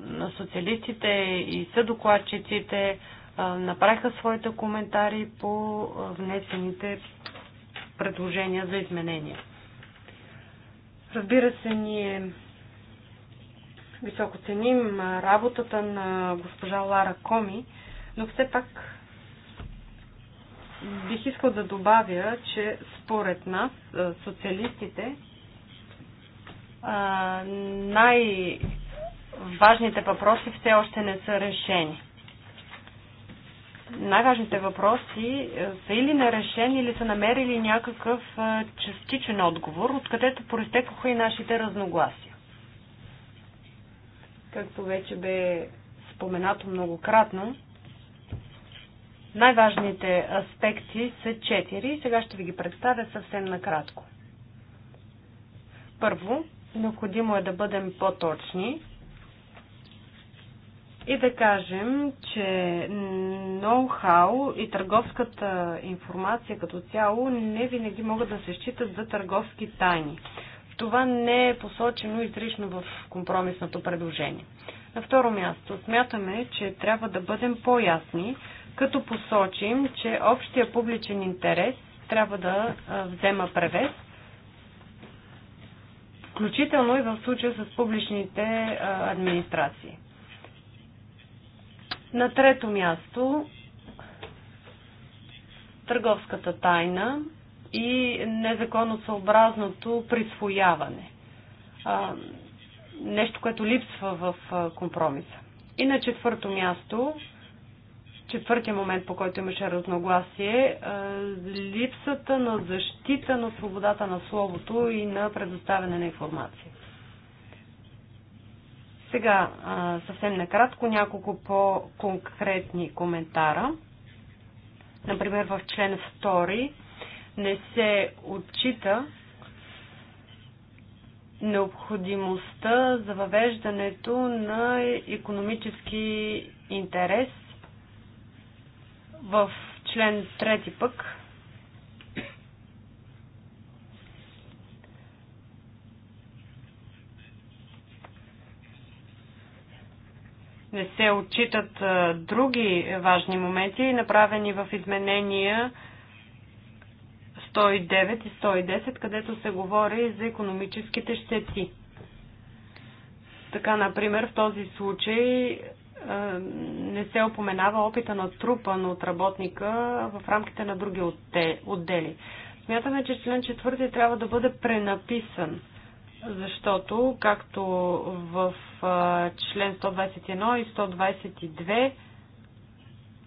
на социалистите и съдокладчиците направиха своите коментари по внесените предложения за изменения. Разбира се, ние високо ценим работата на госпожа Лара Коми, но все пак бих искал да добавя, че според нас, социалистите, най-важните въпроси все още не са решени. Най-важните въпроси са или нерешени, или са намерили някакъв частичен отговор, откъдето проистекоха и нашите разногласи както вече бе споменато многократно, най-важните аспекти са четири и сега ще ви ги представя съвсем накратко. Първо, необходимо е да бъдем по-точни и да кажем, че ноу-хау и търговската информация като цяло не винаги могат да се считат за търговски тайни. Това не е посочено изрично в компромисното предложение. На второ място, смятаме, че трябва да бъдем по-ясни, като посочим, че общия публичен интерес трябва да взема превес, включително и в случая с публичните администрации. На трето място, търговската тайна и незаконосъобразното присвояване. Нещо, което липсва в компромиса. И на четвърто място, четвъртия момент, по който имаше разногласие, липсата на защита на свободата на словото и на предоставяне на информация. Сега съвсем накратко няколко по-конкретни коментара. Например, в член 2 не се отчита необходимостта за въвеждането на економически интерес в член трети пък не се отчитат други важни моменти, направени в изменения 109 и 110, където се говори за економическите щети. Така, например, в този случай не се опоменава опита на трупан от работника в рамките на други отдели. Смятаме, че член 4 трябва да бъде пренаписан, защото както в член 121 и 122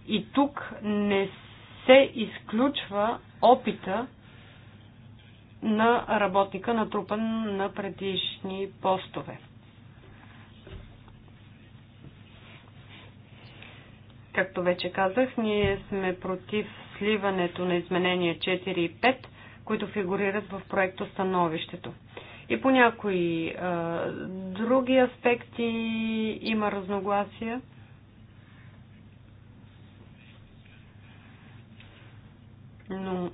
и тук не се изключва опита на работника, натрупан на предишни постове. Както вече казах, ние сме против сливането на изменения 4 и 5, които фигурират в проекта становището. И по някои а, други аспекти има разногласия. Но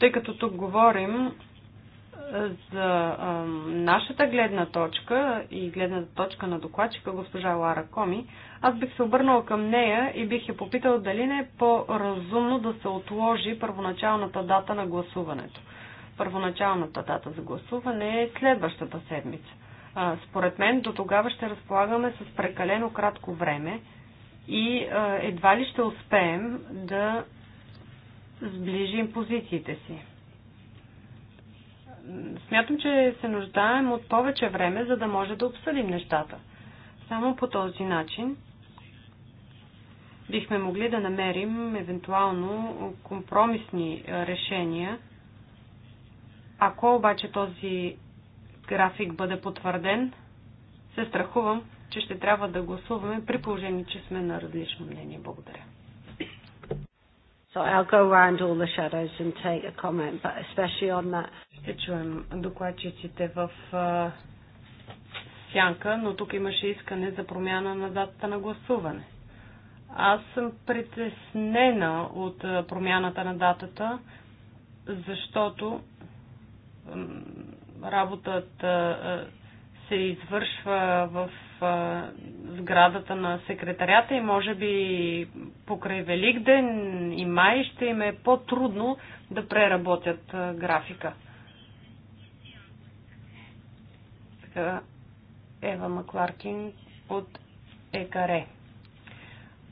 тъй като тук говорим за а, нашата гледна точка и гледната точка на докладчика госпожа Лара Коми, аз бих се обърнала към нея и бих я попитал дали не е по-разумно да се отложи първоначалната дата на гласуването. Първоначалната дата за гласуване е следващата седмица. А, според мен до тогава ще разполагаме с прекалено кратко време, и едва ли ще успеем да сближим позициите си. Смятам, че се нуждаем от повече време, за да може да обсъдим нещата. Само по този начин бихме могли да намерим евентуално компромисни решения. Ако обаче този график бъде потвърден, се страхувам, че ще трябва да гласуваме при положение, че сме на различно мнение. Благодаря. So I'll go around all the shadows and take a comment, but especially on that. Ще чуем докладчиците в uh, сянка, но тук имаше искане за промяна на датата на гласуване. Аз съм притеснена от промяната на датата, защото работата се извършва в сградата на секретарята и може би покрай Великден и май ще им е по-трудно да преработят графика. Така, Ева Макларкин от ЕКАРЕ.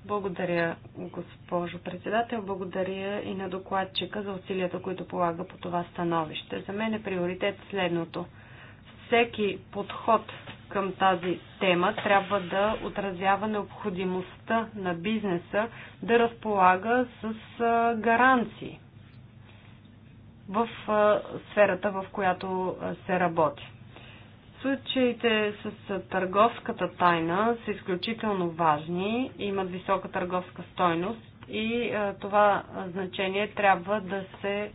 Благодаря, госпожо председател. Благодаря и на докладчика за усилията, които полага по това становище. За мен е приоритет следното. Всеки подход към тази тема трябва да отразява необходимостта на бизнеса да разполага с гаранции в сферата, в която се работи. Случаите с търговската тайна са изключително важни, имат висока търговска стойност и това значение трябва да се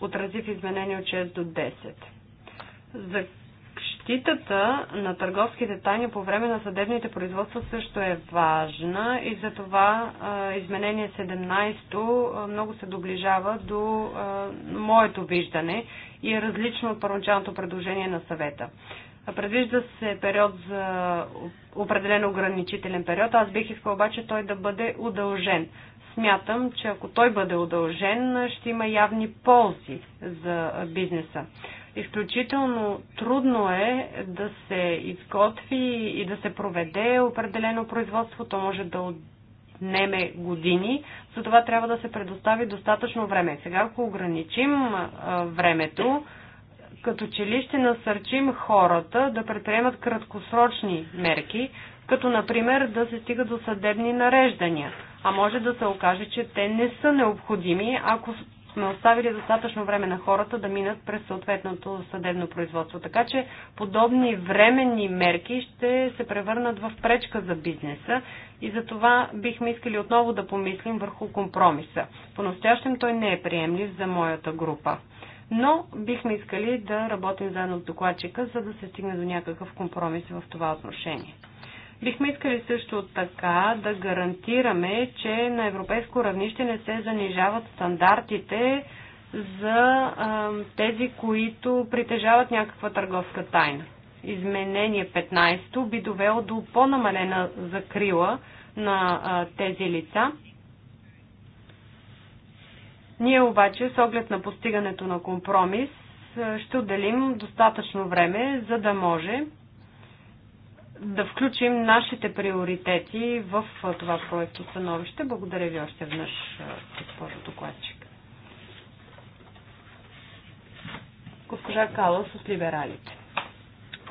отрази в изменение от 6 до 10. За защитата на търговските тайни по време на съдебните производства също е важна и затова изменение 17 много се доближава до моето виждане и е различно от първоначалното предложение на съвета. Предвижда се период за определен ограничителен период. Аз бих искал обаче той да бъде удължен. Смятам, че ако той бъде удължен, ще има явни ползи за бизнеса. Изключително трудно е да се изготви и да се проведе определено производство. То може да отнеме години, затова трябва да се предостави достатъчно време. Сега, ако ограничим времето, като че ли ще насърчим хората да предприемат краткосрочни мерки, като например да се стига до съдебни нареждания. А може да се окаже, че те не са необходими, ако сме оставили достатъчно време на хората да минат през съответното съдебно производство. Така че подобни временни мерки ще се превърнат в пречка за бизнеса и за това бихме искали отново да помислим върху компромиса. По-настоящем той не е приемлив за моята група. Но бихме искали да работим заедно с докладчика, за да се стигне до някакъв компромис в това отношение. Бихме искали също така да гарантираме, че на европейско равнище не се занижават стандартите за а, тези, които притежават някаква търговска тайна. Изменение 15 би довело до по-намалена закрила на а, тези лица. Ние обаче, с оглед на постигането на компромис, ще отделим достатъчно време, за да може да включим нашите приоритети в това проекто становище. Благодаря ви още веднъж, госпожо докладчик. Госпожа Кала с либералите.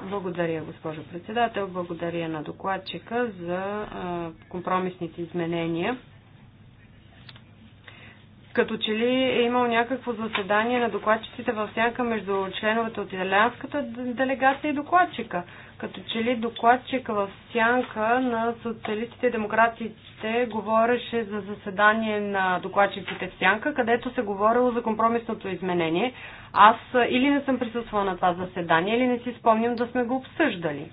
Благодаря, госпожо председател. Благодаря на докладчика за компромисните изменения като че ли е имал някакво заседание на докладчиците в сянка между членовете от италианската делегация и докладчика. Като че ли докладчика в сянка на социалистите и демократите говореше за заседание на докладчиците в сянка, където се говорило за компромисното изменение. Аз или не съм присъствала на това заседание, или не си спомням да сме го обсъждали.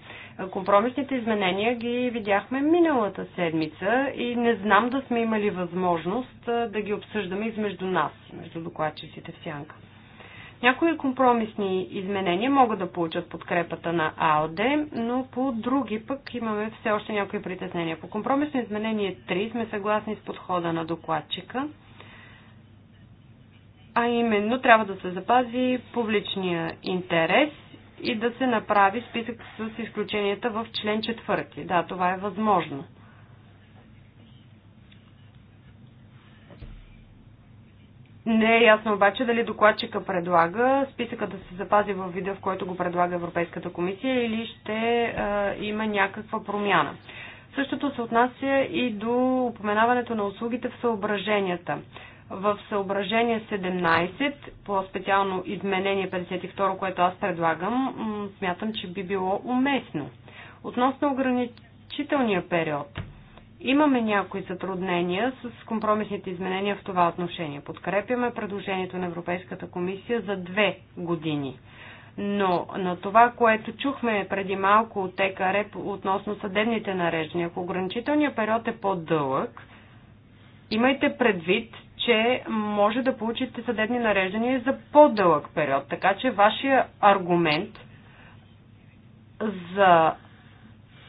Компромисните изменения ги видяхме миналата седмица и не знам да сме имали възможност да ги обсъждаме измежду нас, между докладчиците в сянка. Някои компромисни изменения могат да получат подкрепата на АОД, но по други пък имаме все още някои притеснения. По компромисно изменение 3 сме съгласни с подхода на докладчика, а именно трябва да се запази публичния интерес и да се направи списък с изключенията в член четвърти. Да, това е възможно. Не е ясно обаче дали докладчика предлага списъка да се запази в вида, в който го предлага Европейската комисия или ще а, има някаква промяна. Същото се отнася и до упоменаването на услугите в съображенията в съображение 17, по-специално изменение 52, което аз предлагам, смятам, че би било уместно. Относно ограничителния период, имаме някои затруднения с компромисните изменения в това отношение. Подкрепяме предложението на Европейската комисия за две години. Но на това, което чухме преди малко от ТКР относно съдебните нареждания, ако ограничителният период е по-дълъг, имайте предвид, че може да получите съдебни нареждания за по-дълъг период. Така че вашия аргумент за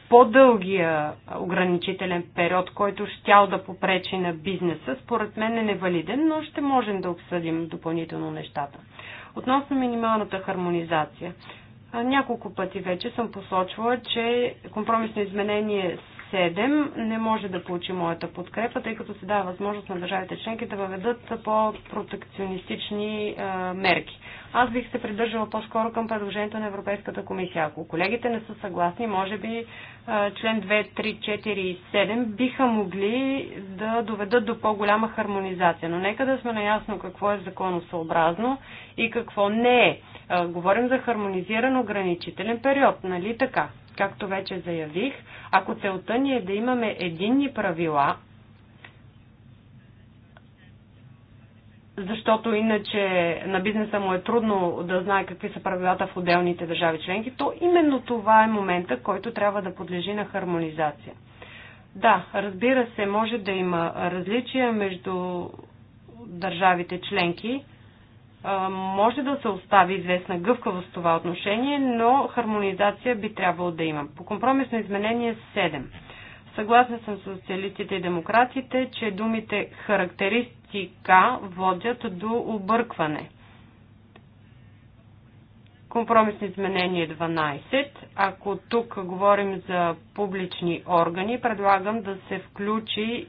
по-дългия ограничителен период, който щял да попречи на бизнеса, според мен е невалиден, но ще можем да обсъдим допълнително нещата. Относно минималната хармонизация. Няколко пъти вече съм посочвала, че компромисно изменение 7 не може да получи моята подкрепа, тъй като се дава възможност на държавите членки да въведат по-протекционистични е, мерки. Аз бих се придържала по-скоро към предложението на Европейската комисия. Ако колегите не са съгласни, може би е, член 2, 3, 4 и 7 биха могли да доведат до по-голяма хармонизация. Но нека да сме наясно какво е законосъобразно и какво не е. е говорим за хармонизиран ограничителен период, нали така? Както вече заявих, ако целта ни е да имаме единни правила, защото иначе на бизнеса му е трудно да знае какви са правилата в отделните държави членки, то именно това е момента, който трябва да подлежи на хармонизация. Да, разбира се, може да има различия между държавите членки, може да се остави известна гъвкавост в това отношение, но хармонизация би трябвало да има. По компромисно изменение 7. Съгласна съм с социалистите и демократите, че думите характеристика водят до объркване. Компромисно изменение 12. Ако тук говорим за публични органи, предлагам да се включи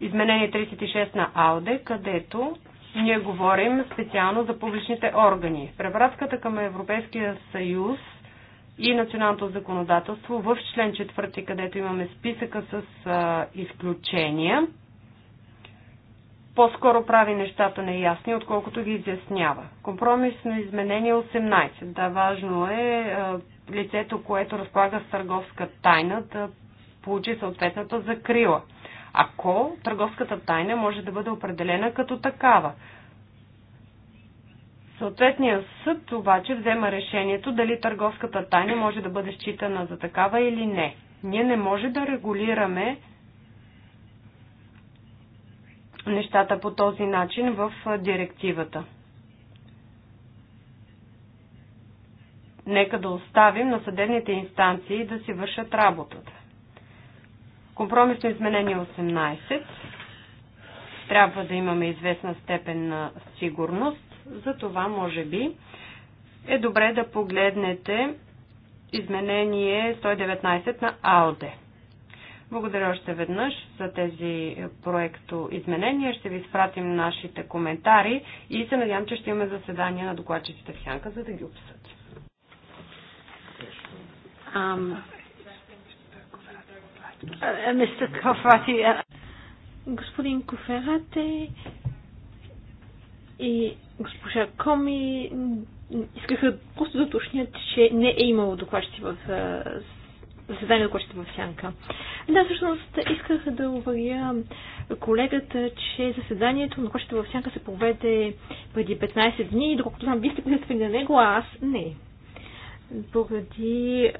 изменение 36 на АЛДЕ, където ние говорим специално за публичните органи. Превратката към Европейския съюз и националното законодателство в член 4, където имаме списъка с а, изключения, по-скоро прави нещата неясни, отколкото ги изяснява. Компромисно изменение 18. Да, важно е а, лицето, което разполага с търговска тайна, да получи съответната закрила ако търговската тайна може да бъде определена като такава. Съответният съд обаче взема решението дали търговската тайна може да бъде считана за такава или не. Ние не може да регулираме нещата по този начин в директивата. Нека да оставим на съдебните инстанции да си вършат работата. Компромисно изменение 18. Трябва да имаме известна степен на сигурност. За това, може би, е добре да погледнете изменение 119 на АЛДЕ. Благодаря още веднъж за тези проекто изменения. Ще ви изпратим нашите коментари и се надявам, че ще имаме заседание на докладчиците в Сянка, за да ги обсъдим. Um, Uh, uh, Господин Коферате и госпожа Коми искаха просто да уточнят, че не е имало докладчици в заседание, докладчици е в сянка. Да, всъщност исках да уверя колегата, че заседанието на докладчици в сянка се проведе преди 15 дни и доколкото знам, вие сте присъствали на него, а аз не поради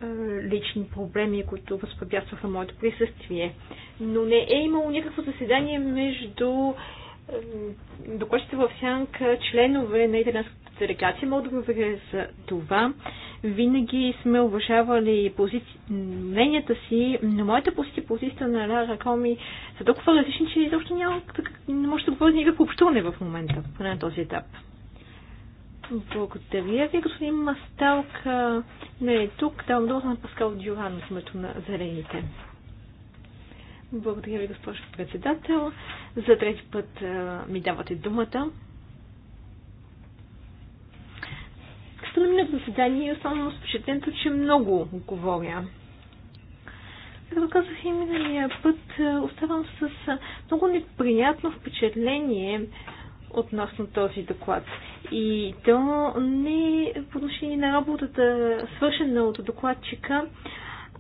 лични проблеми, които възпрепятстваха моето присъствие. Но не е имало никакво заседание между докочите в сянка членове на италианската делегация. Мога да го за това. Винаги сме уважавали позици... мненията си, но моята позиция, позицията на Лара Коми са толкова различни, че изобщо няма, не може да говоря никакво общуване в момента, поне на този етап. Благодаря ви, господин Масталк. Не е тук. Давам думата на Паскал Дюран от името на Зелените. Благодаря ви, госпожо председател. За трети път ми давате думата. Като на заседание е основно с впечатлението, че много говоря. Както казах и миналия път, оставам с много неприятно впечатление относно този доклад. И то не е по отношение на работата, свършена от докладчика,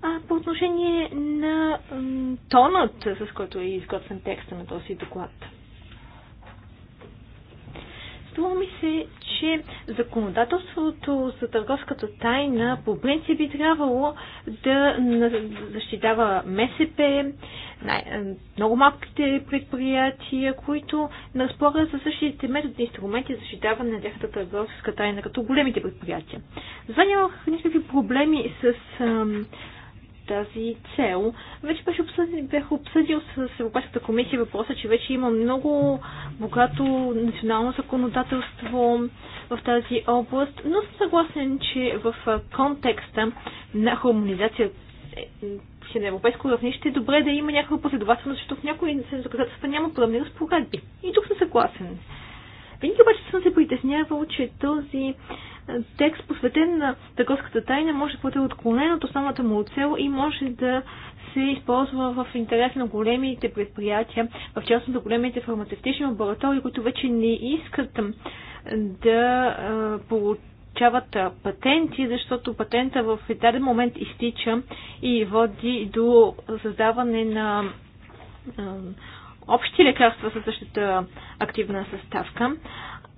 а по отношение на тонът, с който е изготвен текста на този доклад. Струва ми се, че законодателството за търговската тайна по принцип би трябвало да защитава МСП, много малките предприятия, които не разполагат за същите методи и инструменти за защитаване на тяхната търговска тайна, като големите предприятия. За никакви проблеми с ам, тази цел. Вече беше обсъдил, бях обсъдил с Европейската комисия въпроса, че вече има много богато национално законодателство в тази област, но съм съгласен, че в контекста на хармонизация е, на европейско равнище е добре да има някаква последователност, защото в някои законодателства няма правни разпоредби. И тук съм съгласен винаги обаче съм се притеснявал, че този текст, посветен на търговската тайна, може да бъде отклонен от основната му цел и може да се използва в интерес на големите предприятия, в частност на големите фармацевтични лаборатории, които вече не искат да получават патенти, защото патента в даден момент изтича и води до създаване на общи лекарства със същата активна съставка.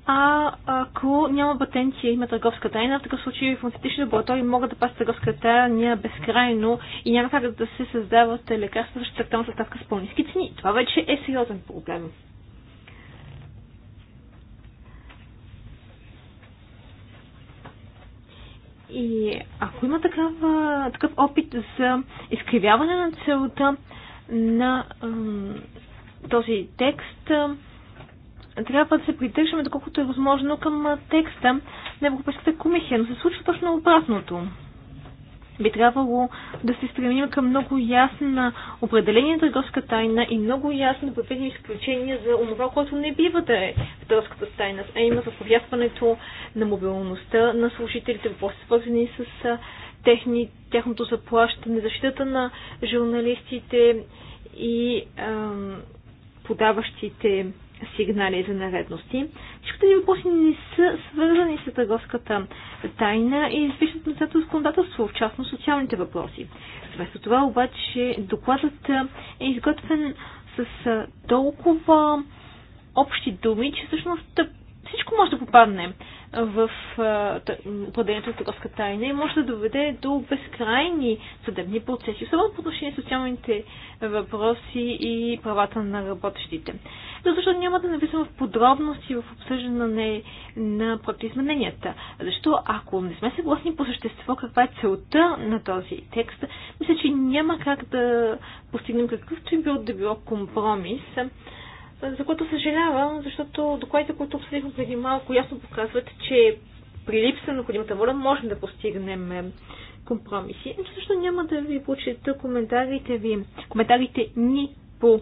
А ако няма патенция, има търговска тайна, в такъв случай в фармацевтични лаборатории могат да пасят търговска тайна безкрайно и няма как да се създават лекарства с тактална съставка с по-низки цени. Това вече е сериозен проблем. И ако има такава, такъв опит за изкривяване на целта на този текст, трябва да се придържаме, доколкото е възможно, към текста на Европейската комисия. Но се случва точно обратното. Би трябвало да се стремим към много ясна определение на търговска тайна и много ясно да проведем изключения за това, което не бива да е в търговската тайна, а има заповядването на мобилността на служителите, въпроси свързани с техни, тяхното заплащане, защитата на журналистите и ам, подаващите сигнали за нередности, Всички тези въпроси не са свързани с търговската тайна и с висшето национално законодателство, в частност социалните въпроси. Вместо това обаче докладът е изготвен с толкова общи думи, че всъщност всичко може да попадне в поделението на търговска тайна и може да доведе до безкрайни съдебни процеси, особено по отношение на социалните въпроси и правата на работещите. Но защо няма да навлизам в подробности в обсъждане на проектоизмененията? Защо ако не сме съгласни по същество каква е целта на този текст, мисля, че няма как да постигнем какъвто и било да било компромис за което съжалявам, защото докладите, които обсъдихме преди малко, ясно показват, че при липса на необходимата воля можем да постигнем е, компромиси. Но също няма да ви прочета коментарите ви, коментарите ни по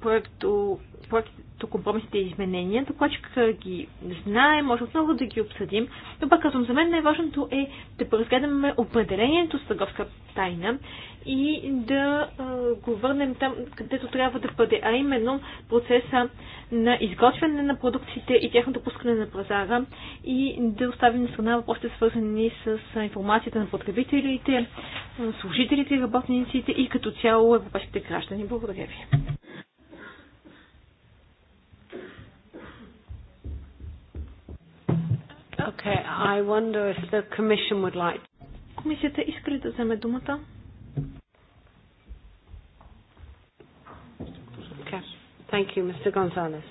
проекто, проект, компромисите и изменения. как ги знаем, може отново да ги обсъдим, но пак казвам, за мен най-важното е да поразгледаме определението с търговска тайна и да а, го върнем там, където трябва да бъде, а именно процеса на изготвяне на продукциите и тяхното пускане на пазара и да оставим на страна въпросите свързани с информацията на потребителите, служителите и работниците и като цяло европейските граждани. Благодаря ви. Okay, I wonder if the commission would like. Комисията иска ли да вземе думата? Okay. Thank you, Mr. Gonzalez.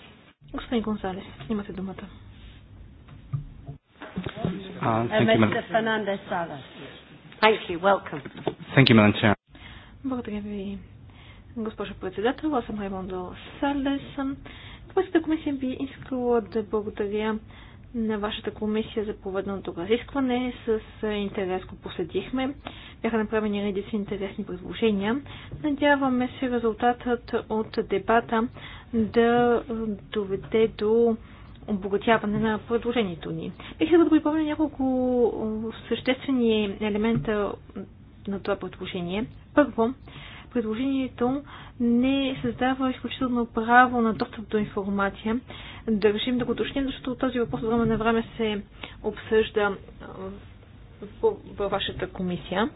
Господин Гонзалес, имате думата. Uh, благодаря ви, госпожа председател. Аз съм Раймондо Сарлес. Комисията комисия би искала да благодаря на вашата комисия за поведеното разискване. С е, интерес го последихме. Бяха направени редица интересни предложения. Надяваме се резултатът от дебата да е, доведе до обогатяване на предложението ни. Бих да припомня няколко е, съществени елемента на това предложение. Първо, предложението не създава изключително право на достъп до информация. Да решим да го уточним, защото този въпрос от време на време се обсъжда във вашата комисия.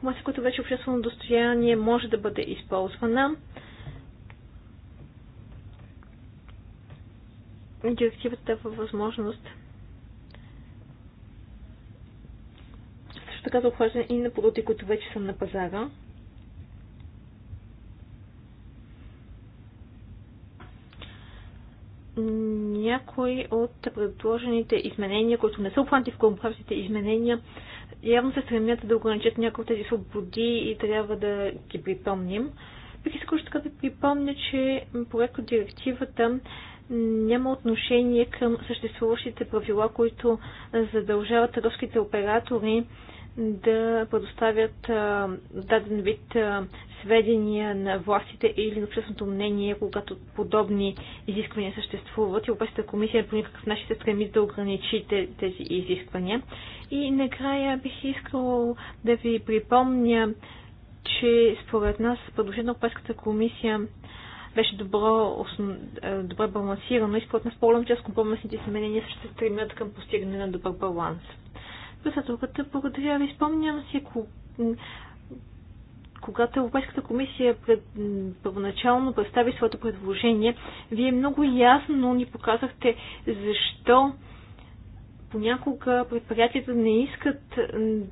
Комисия, която вече е обществено достояние може да бъде използвана. Директивата дава възможност така за обхващане и на продукти, които вече са на пазара. Някои от предложените изменения, които не са обхванати в компромисните изменения, явно се стремят да ограничат някои от тези свободи и трябва да ги припомним. Бих искал така да припомня, че проект от директивата няма отношение към съществуващите правила, които задължават търговските оператори да предоставят а, даден вид а, сведения на властите или на общественото мнение, когато подобни изисквания съществуват и Европейската комисия по никакъв начин се стреми да ограничи тези изисквания. И накрая бих искал да ви припомня, че според нас предложението на Европейската комисия беше добро, основ... добре балансирано и според нас по голяма част компромисните изменения ще се стремят към постигане на добър баланс. Председателката, благодаря ви. Спомням си, когато Европейската комисия пред, първоначално представи своето предложение, вие много ясно ни показахте защо понякога предприятията не искат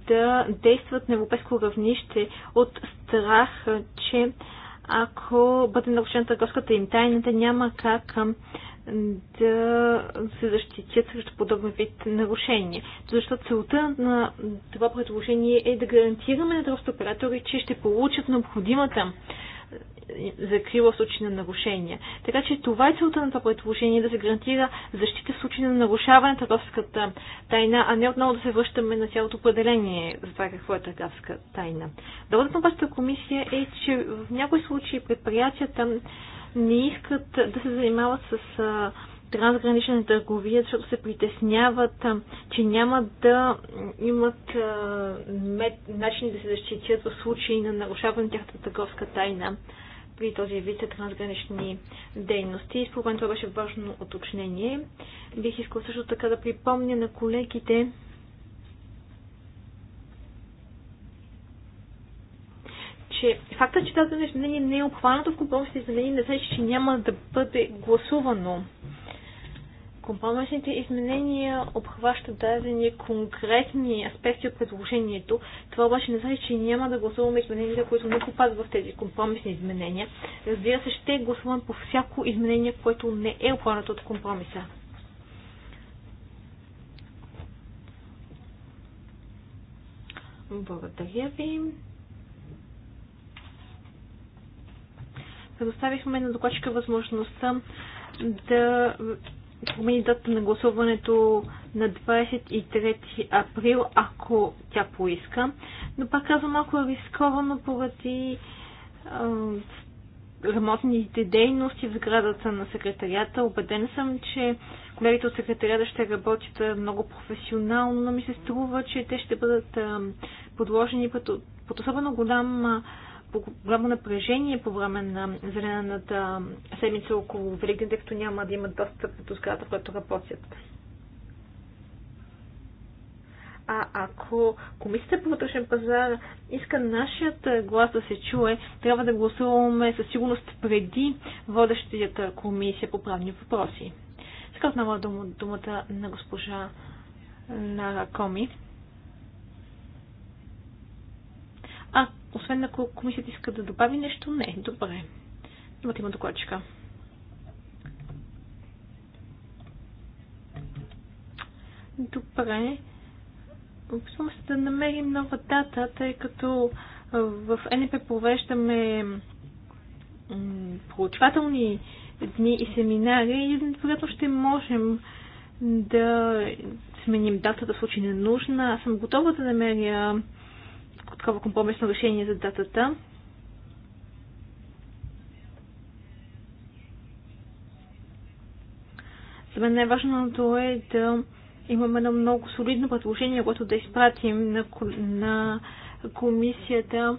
да действат на европейско равнище от страх, че ако бъде нарушена търговската им тайна, няма как да се защитят срещу подобен вид нарушение. Защото целта на това предложение е да гарантираме на търговските оператори, че ще получат необходимата закрила в случай на нарушения. Така че това е целта на това предложение, да се гарантира защита в случай на нарушаване на търговската тайна, а не отново да се връщаме на цялото определение за това какво е търговска тайна. Доводът на вашата комисия е, че в някои случаи предприятията не искат да се занимават с трансгранична търговия, защото се притесняват, че няма да имат мет, начини да се защитят в случай на нарушаване на тяхната търговска тайна при този вид трансгранични дейности. Според мен това беше важно уточнение. Бих искал също така да припомня на колегите, че факта, че тази изменение не е обхванато в компромисните изменения, не значи, че няма да бъде гласувано. Компромисните изменения обхващат дадени конкретни аспекти от предложението. Това обаче не значи, че няма да гласуваме измененията, които не попадат в тези компромисни изменения. Разбира се, ще гласуваме по всяко изменение, което не е обхванато от компромиса. Благодаря ви. предоставихме на докладчика възможността да промени дата на гласуването на 23 април, ако тя поиска. Но пак казвам, малко е рисковано поради ремонтните дейности в сградата на секретарията. Обеден съм, че колегите от секретарията ще работят много професионално, но ми се струва, че те ще бъдат подложени под, под особено голям голямо напрежение по време на зелената седмица около Великден, тъй като няма да имат достъп до сградата, която работят. А ако комисията по вътрешен пазар иска нашият глас да се чуе, трябва да гласуваме със сигурност преди водещата комисия по правни въпроси. Сега отново думата на госпожа Нара Коми. А, освен ако комисията иска да добави нещо, не. Добре. Имате има докладчика. Добре. Опитвам се да намерим нова дата, тъй като в НП провеждаме проучвателни дни и семинари и вероятно ще можем да сменим датата в случай ненужна. Аз съм готова да намеря такова компромисно решение за датата. За мен най-важното е да имаме едно много солидно предложение, което да изпратим на, на комисията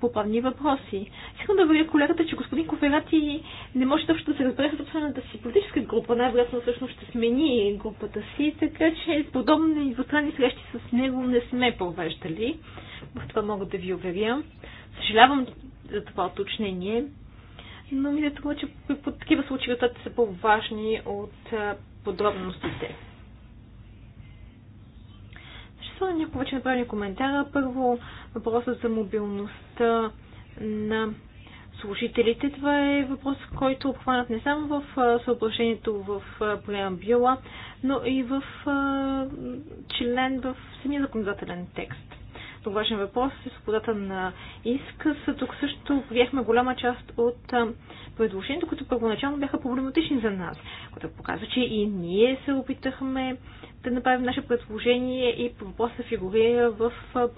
по правни въпроси. Искам да уверя колегата, че господин Коферати не може точно да се разбере с собствената си политическа група. Най-вероятно всъщност ще смени групата си, така че подобни двустранни срещи с него не сме провеждали. В това мога да ви уверя. Съжалявам за това уточнение, но ми се че по такива случаи са по-важни от подробностите са няколко вече направи коментара. Първо, въпросът за мобилността на служителите. Това е въпрос, който обхванат не само в съображението в преамбюла, но и в член в самия законодателен текст. Това важен въпрос е свободата на изказ. Тук също приехме голяма част от предложението, които първоначално бяха проблематични за нас, което показва, че и ние се опитахме да направим наше предложение и въпросът фигурира в, в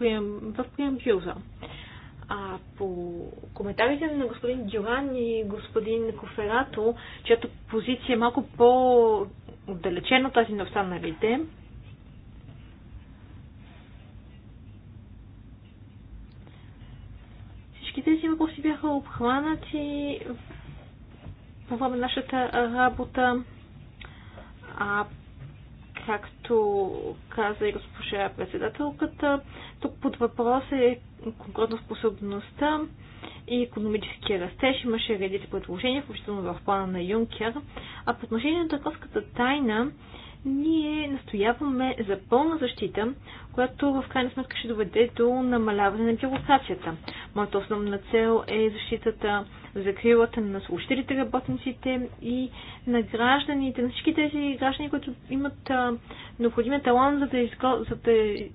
преамбюза. А по коментарите на господин Дюран и господин Коферато, чиято позиция е малко по-отдалечена от тази на останалите, обхванати по време на нашата работа. А както каза и госпожа председателката, тук под въпрос е способността и економическия растеж. Имаше редица предложения, включително в плана на Юнкер. А по отношение на търговската тайна, ние настояваме за пълна защита, която в крайна сметка ще доведе до намаляване на бюрокрацията. Моята основна цел е защитата за крилата на служителите, работниците и на гражданите, на всички тези граждани, които имат необходим необходимия талант, за да, изго, за да из,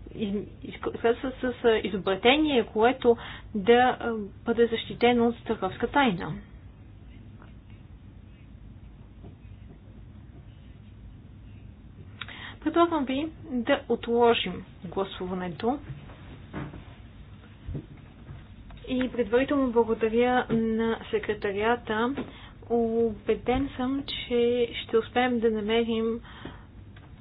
изго, с, с изобретение, което да бъде защитено от търговска тайна. Предлагам ви да отложим гласуването. И предварително благодаря на секретарията. Обеден съм, че ще успеем да намерим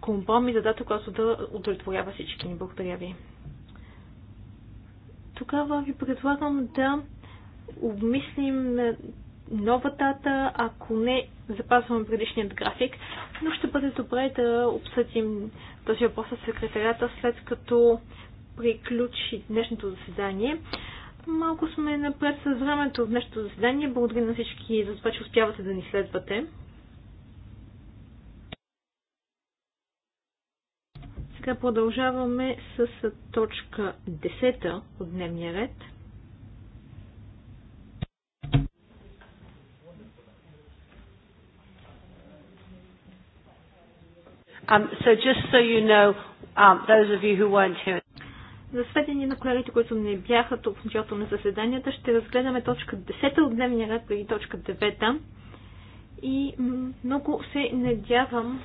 компромис за дата, която да удовлетворява всички ни. Благодаря ви. Тогава ви предлагам да обмислим нова дата, ако не запазваме предишният график, но ще бъде добре да обсъдим този въпрос с секретарята, след като приключи днешното заседание. Малко сме напред с времето в днешното заседание. Благодаря на всички за това, че успявате да ни следвате. Сега продължаваме с точка 10 от дневния ред. Um, so just so you know, um, those of you who weren't here. За сведение на колегите, които не бяха тук в началото на заседанията, ще разгледаме точка 10 от дневния ред преди точка 9. И много се надявам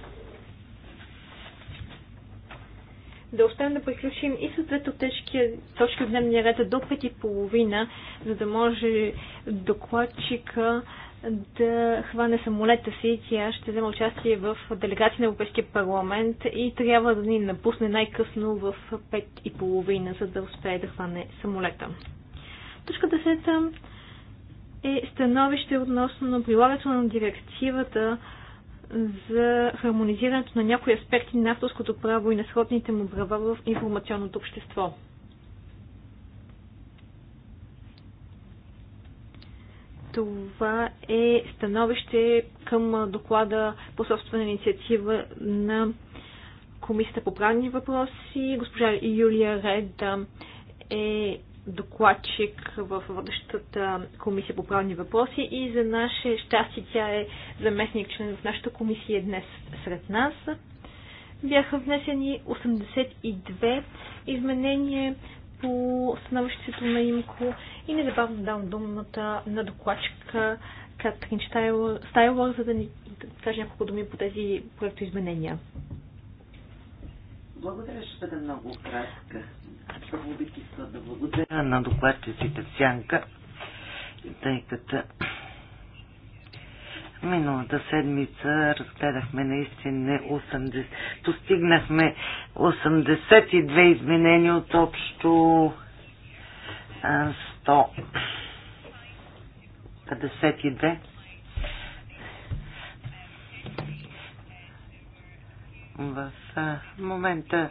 да оставим да приключим и с двете от тежки точки от дневния ред до 5.30, за да може докладчика да хване самолета си. Тя ще вземе участие в делегация на Европейския парламент и трябва да ни напусне най-късно в 5 и половина, за да успее да хване самолета. Точка 10 е становище относно прилагането на директивата за хармонизирането на някои аспекти на авторското право и на сходните му права в информационното общество. Това е становище към доклада по собствена инициатива на Комисията по правни въпроси. Госпожа Юлия Ред е докладчик в водещата комисия по правни въпроси и за наше щастие тя е заместник член в нашата комисия днес сред нас. Бяха внесени 82 изменения по становището на ИМКО и незабавно давам думата на докладчика Катрин Стайлор, за да ни каже няколко думи по тези проектоизменения. Благодаря, ще бъда много кратка. Първо бих искала да благодаря на докладчиците Сянка, тъй като Миналата седмица разгледахме наистина 80, постигнахме 82 изменения от общо 152. В момента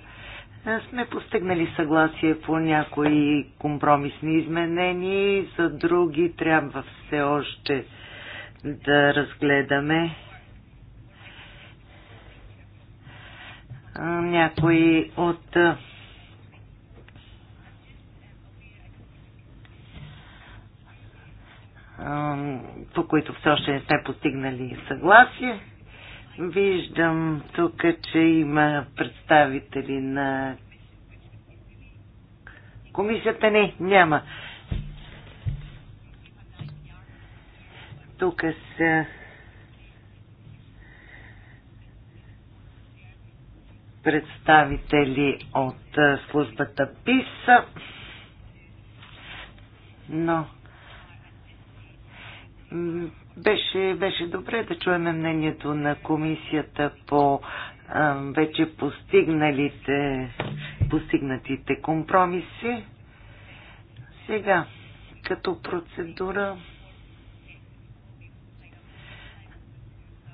сме постигнали съгласие по някои компромисни изменения, за други трябва все още да разгледаме някои от по които все още не сме постигнали съгласие. Виждам тук, че има представители на комисията. Не, няма. Тук са представители от службата ПИСА, но беше, беше добре да чуем мнението на комисията по а, вече постигналите, постигнатите компромиси. Сега, като процедура,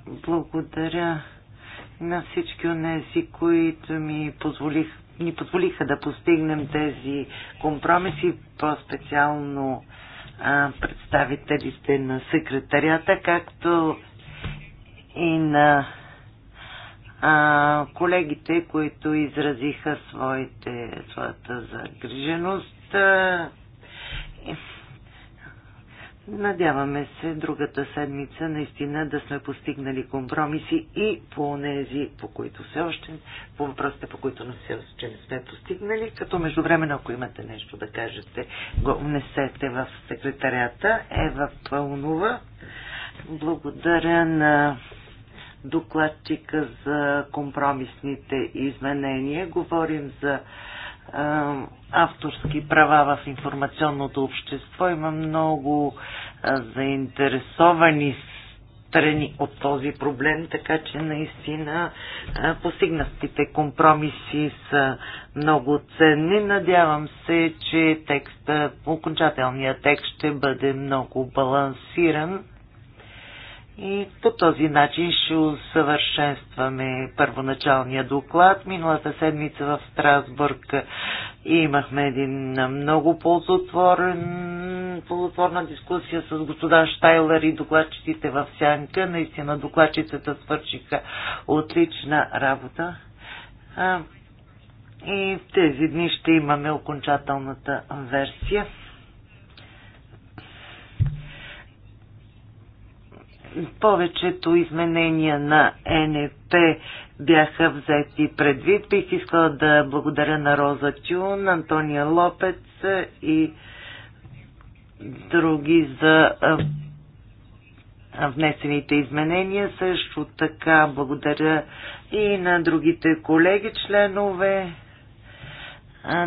Благодаря на всички нези, които ми позволих, ни позволиха да постигнем тези компромиси, по-специално представителите на секретарята, както и на а, колегите, които изразиха своите, своята загриженост. Надяваме се другата седмица наистина да сме постигнали компромиси и по тези, по които все още, по въпросите, по които все още не сме постигнали, като между време, ако имате нещо да кажете, го внесете в секретарята Ева Пълнова. Благодаря на докладчика за компромисните изменения. Говорим за авторски права в информационното общество. Има много заинтересовани страни от този проблем, така че наистина постигнатите компромиси са много ценни. Надявам се, че текста, окончателният текст ще бъде много балансиран и по този начин ще усъвършенстваме първоначалния доклад. Миналата седмица в Страсбург имахме един много ползотворен, ползотворна дискусия с господа Штайлер и докладчиците в Сянка. Наистина докладчицата свършиха отлична работа. И в тези дни ще имаме окончателната версия. повечето изменения на НП бяха взети предвид. Бих искала да благодаря на Роза Тюн, Антония Лопец и други за внесените изменения. Също така благодаря и на другите колеги, членове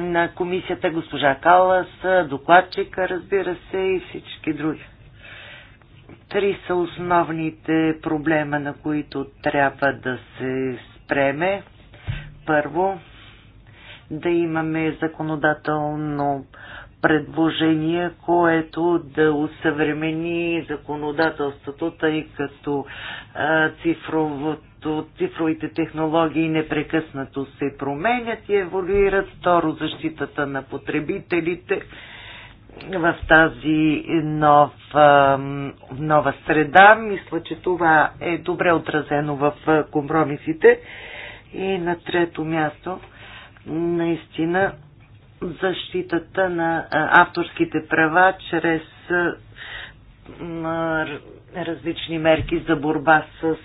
на комисията, госпожа Калас, докладчика, разбира се, и всички други три са основните проблема, на които трябва да се спреме. Първо, да имаме законодателно предложение, което да усъвремени законодателството, тъй като цифровото, цифровите технологии непрекъснато се променят и еволюират. Второ, защитата на потребителите в тази нов, нова среда. Мисля, че това е добре отразено в компромисите. И на трето място, наистина, защитата на авторските права чрез различни мерки за борба с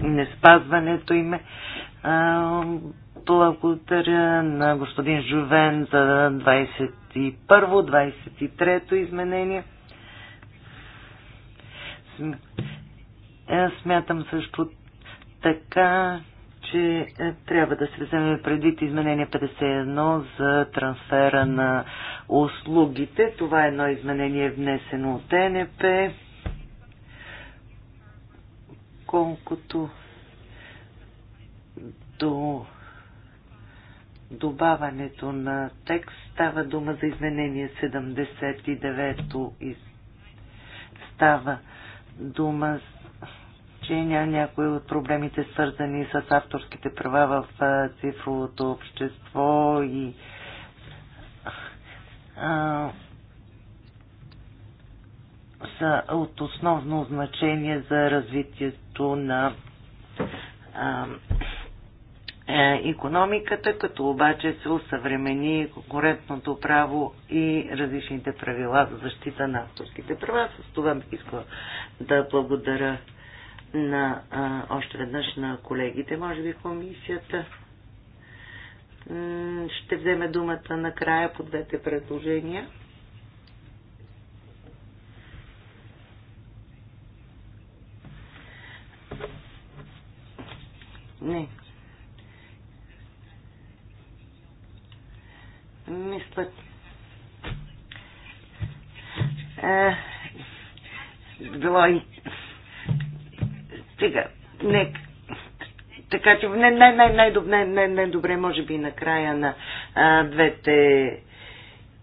неспазването им, благодаря на господин Жувен за 21-23 изменение. Е, смятам също така, че е, трябва да се вземе предвид изменение 51 за трансфера на услугите. Това е едно изменение внесено от НП. Колкото до добаването на текст става дума за изменение 79-то и става дума, че няма някои от проблемите свързани с авторските права в цифровото общество и а, са от основно значение за развитието на а, економиката, като обаче се усъвремени конкурентното право и различните правила за защита на авторските права. С това бих искала да благодаря на, а, още веднъж на колегите, може би комисията. ще вземе думата накрая по двете предложения. Не, мисля, е, било и... Сега, не, така че не, не, не, не, не, не, не добре, може би на края на а, двете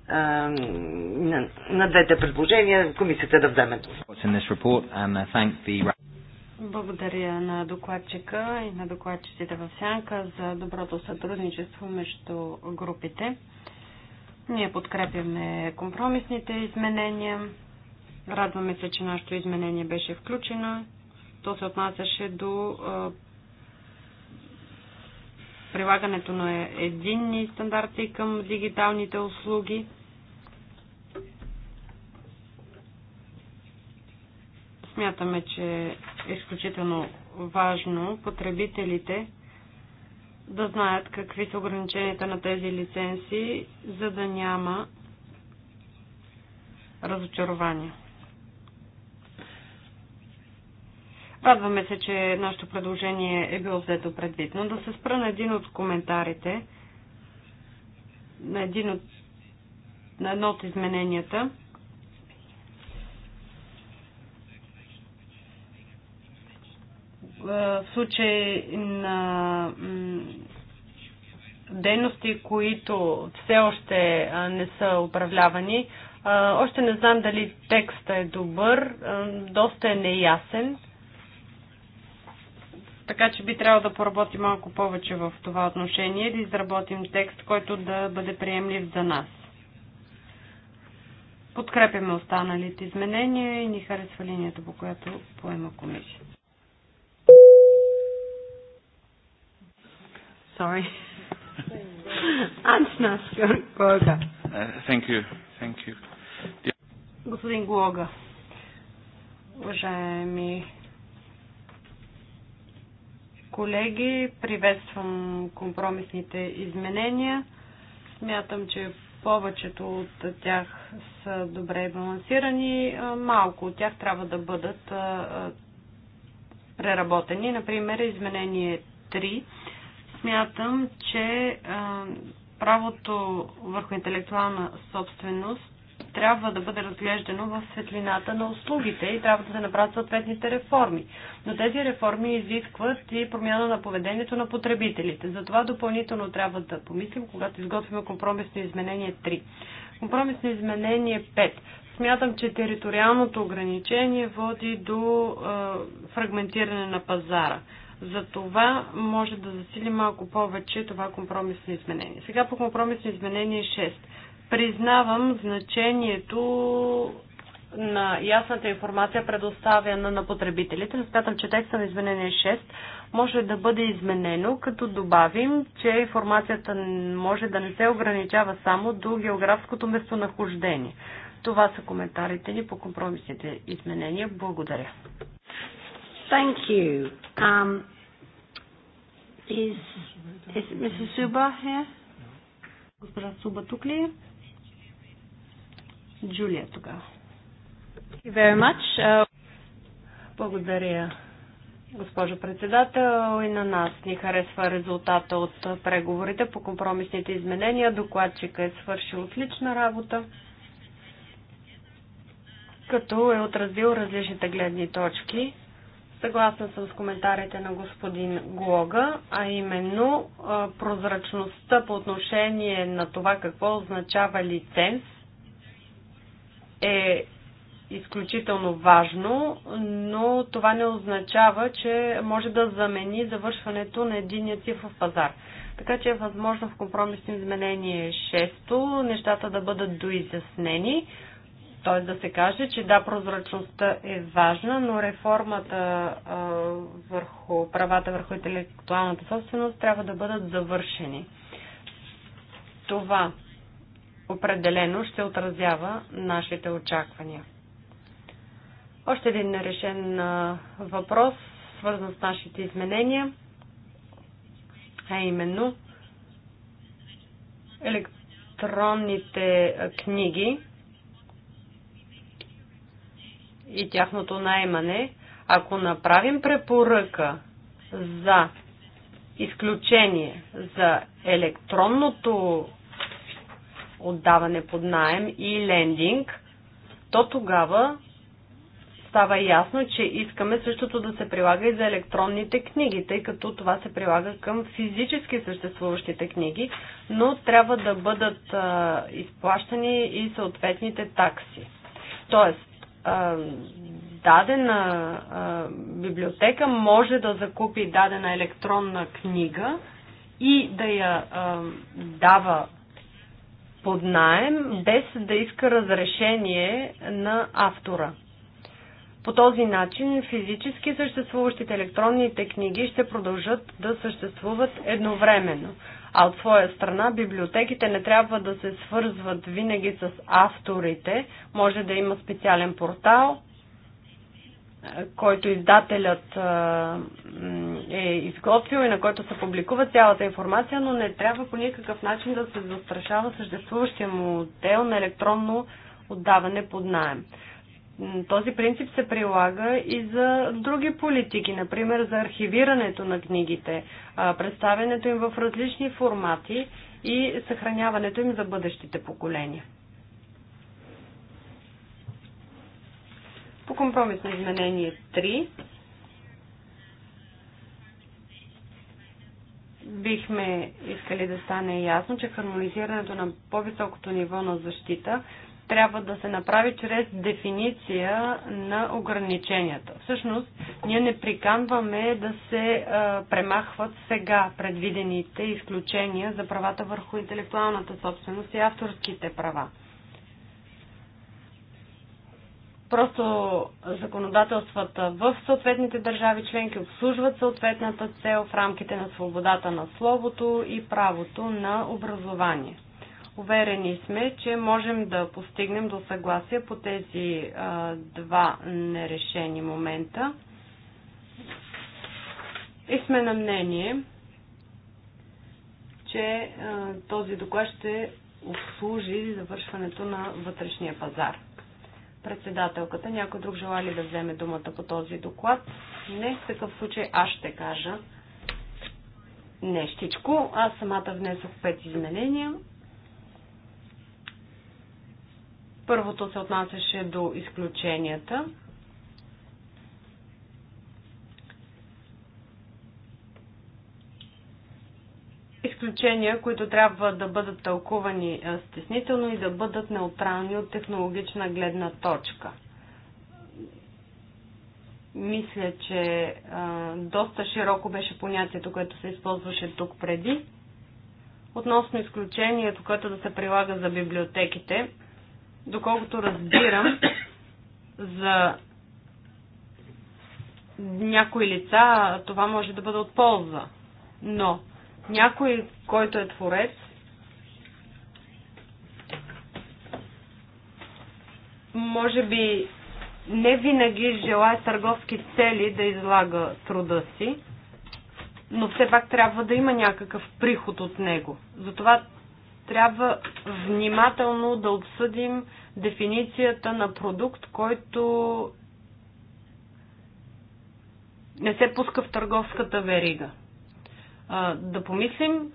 а, на, на двете предложения комисията да вземе. Uh, Благодаря на докладчика и на докладчиците в Сянка за доброто сътрудничество между групите. Ние подкрепяме компромисните изменения. Радваме се, че нашето изменение беше включено. То се отнасяше до прилагането на единни стандарти към дигиталните услуги. Смятаме, че е изключително важно потребителите да знаят какви са ограниченията на тези лицензии, за да няма разочарования. Радваме се, че нашето предложение е било взето предвид, но да се спра на един от коментарите, на, един от, на едно от измененията – в случай на дейности, които все още не са управлявани. Още не знам дали текста е добър, доста е неясен, така че би трябвало да поработим малко повече в това отношение, да изработим текст, който да бъде приемлив за нас. Подкрепяме останалите изменения и ни харесва линията, по която поема комисията. sorry. Антнас Георга. Uh, thank you. Thank you. Господин Глога, уважаеми колеги, приветствам компромисните изменения. Смятам, че повечето от тях са добре балансирани. Малко от тях трябва да бъдат преработени. Например, изменение 3 Смятам, че правото върху интелектуална собственост трябва да бъде разглеждано в светлината на услугите и трябва да се направят съответните реформи. Но тези реформи изискват и промяна на поведението на потребителите. Затова допълнително трябва да помислим, когато изготвим компромисно изменение 3. Компромисно изменение 5. Смятам, че териториалното ограничение води до е, фрагментиране на пазара. За това може да засили малко повече това компромисно изменение. Сега по компромисно изменение 6. Признавам значението на ясната информация, предоставяна на потребителите. Но смятам, че текста на изменение 6 може да бъде изменено, като добавим, че информацията може да не се ограничава само до географското местонахождение. Това са коментарите ни по компромисните изменения. Благодаря. Thank you. Um, is, is Mrs. Suba here? Госпожа Суба тук ли е? Джулия е тогава. Uh, Благодаря, госпожо председател. И на нас ни харесва резултата от преговорите по компромисните изменения. Докладчика е свършил отлична работа, като е отразил различните гледни точки Съгласна съм с коментарите на господин Глога, а именно прозрачността по отношение на това какво означава лиценз е изключително важно, но това не означава, че може да замени завършването на единия цифров пазар. Така че е възможно в компромисно изменение 6 нещата да бъдат доизяснени. Т.е. да се каже, че да, прозрачността е важна, но реформата а, върху правата върху интелектуалната собственост трябва да бъдат завършени. Това определено ще отразява нашите очаквания. Още един нерешен въпрос, свързан с нашите изменения, а именно електронните книги и тяхното наймане, ако направим препоръка за изключение за електронното отдаване под найем и лендинг, то тогава става ясно, че искаме същото да се прилага и за електронните книги, тъй като това се прилага към физически съществуващите книги, но трябва да бъдат а, изплащани и съответните такси. Тоест, дадена библиотека може да закупи дадена електронна книга и да я дава под найем, без да иска разрешение на автора. По този начин физически съществуващите електронните книги ще продължат да съществуват едновременно. А от своя страна библиотеките не трябва да се свързват винаги с авторите. Може да има специален портал, който издателят е изготвил и на който се публикува цялата информация, но не трябва по никакъв начин да се застрашава съществуващия му отдел на електронно отдаване под найем. Този принцип се прилага и за други политики, например за архивирането на книгите, представянето им в различни формати и съхраняването им за бъдещите поколения. По компромисно изменение 3 бихме искали да стане ясно, че хармонизирането на по-високото ниво на защита – трябва да се направи чрез дефиниция на ограниченията. Всъщност, ние не приканваме да се а, премахват сега предвидените изключения за правата върху интелектуалната собственост и авторските права. Просто законодателствата в съответните държави членки обслужват съответната цел в рамките на свободата на словото и правото на образование. Уверени сме, че можем да постигнем до съгласие по тези а, два нерешени момента. И сме на мнение, че а, този доклад ще обслужи завършването на вътрешния пазар. Председателката, някой друг желая ли да вземе думата по този доклад? Не, в такъв случай аз ще кажа нещичко. Аз самата внесох пет изменения. Първото се отнасяше до изключенията. изключения, които трябва да бъдат тълкувани е, стеснително и да бъдат неутрални от технологична гледна точка. Мисля, че а, е, доста широко беше понятието, което се използваше тук преди. Относно изключението, което да се прилага за библиотеките, доколкото разбирам, за някои лица това може да бъде от полза. Но някой, който е творец, може би не винаги желая търговски цели да излага труда си, но все пак трябва да има някакъв приход от него. Затова трябва внимателно да обсъдим дефиницията на продукт, който не се пуска в търговската верига. А, да помислим,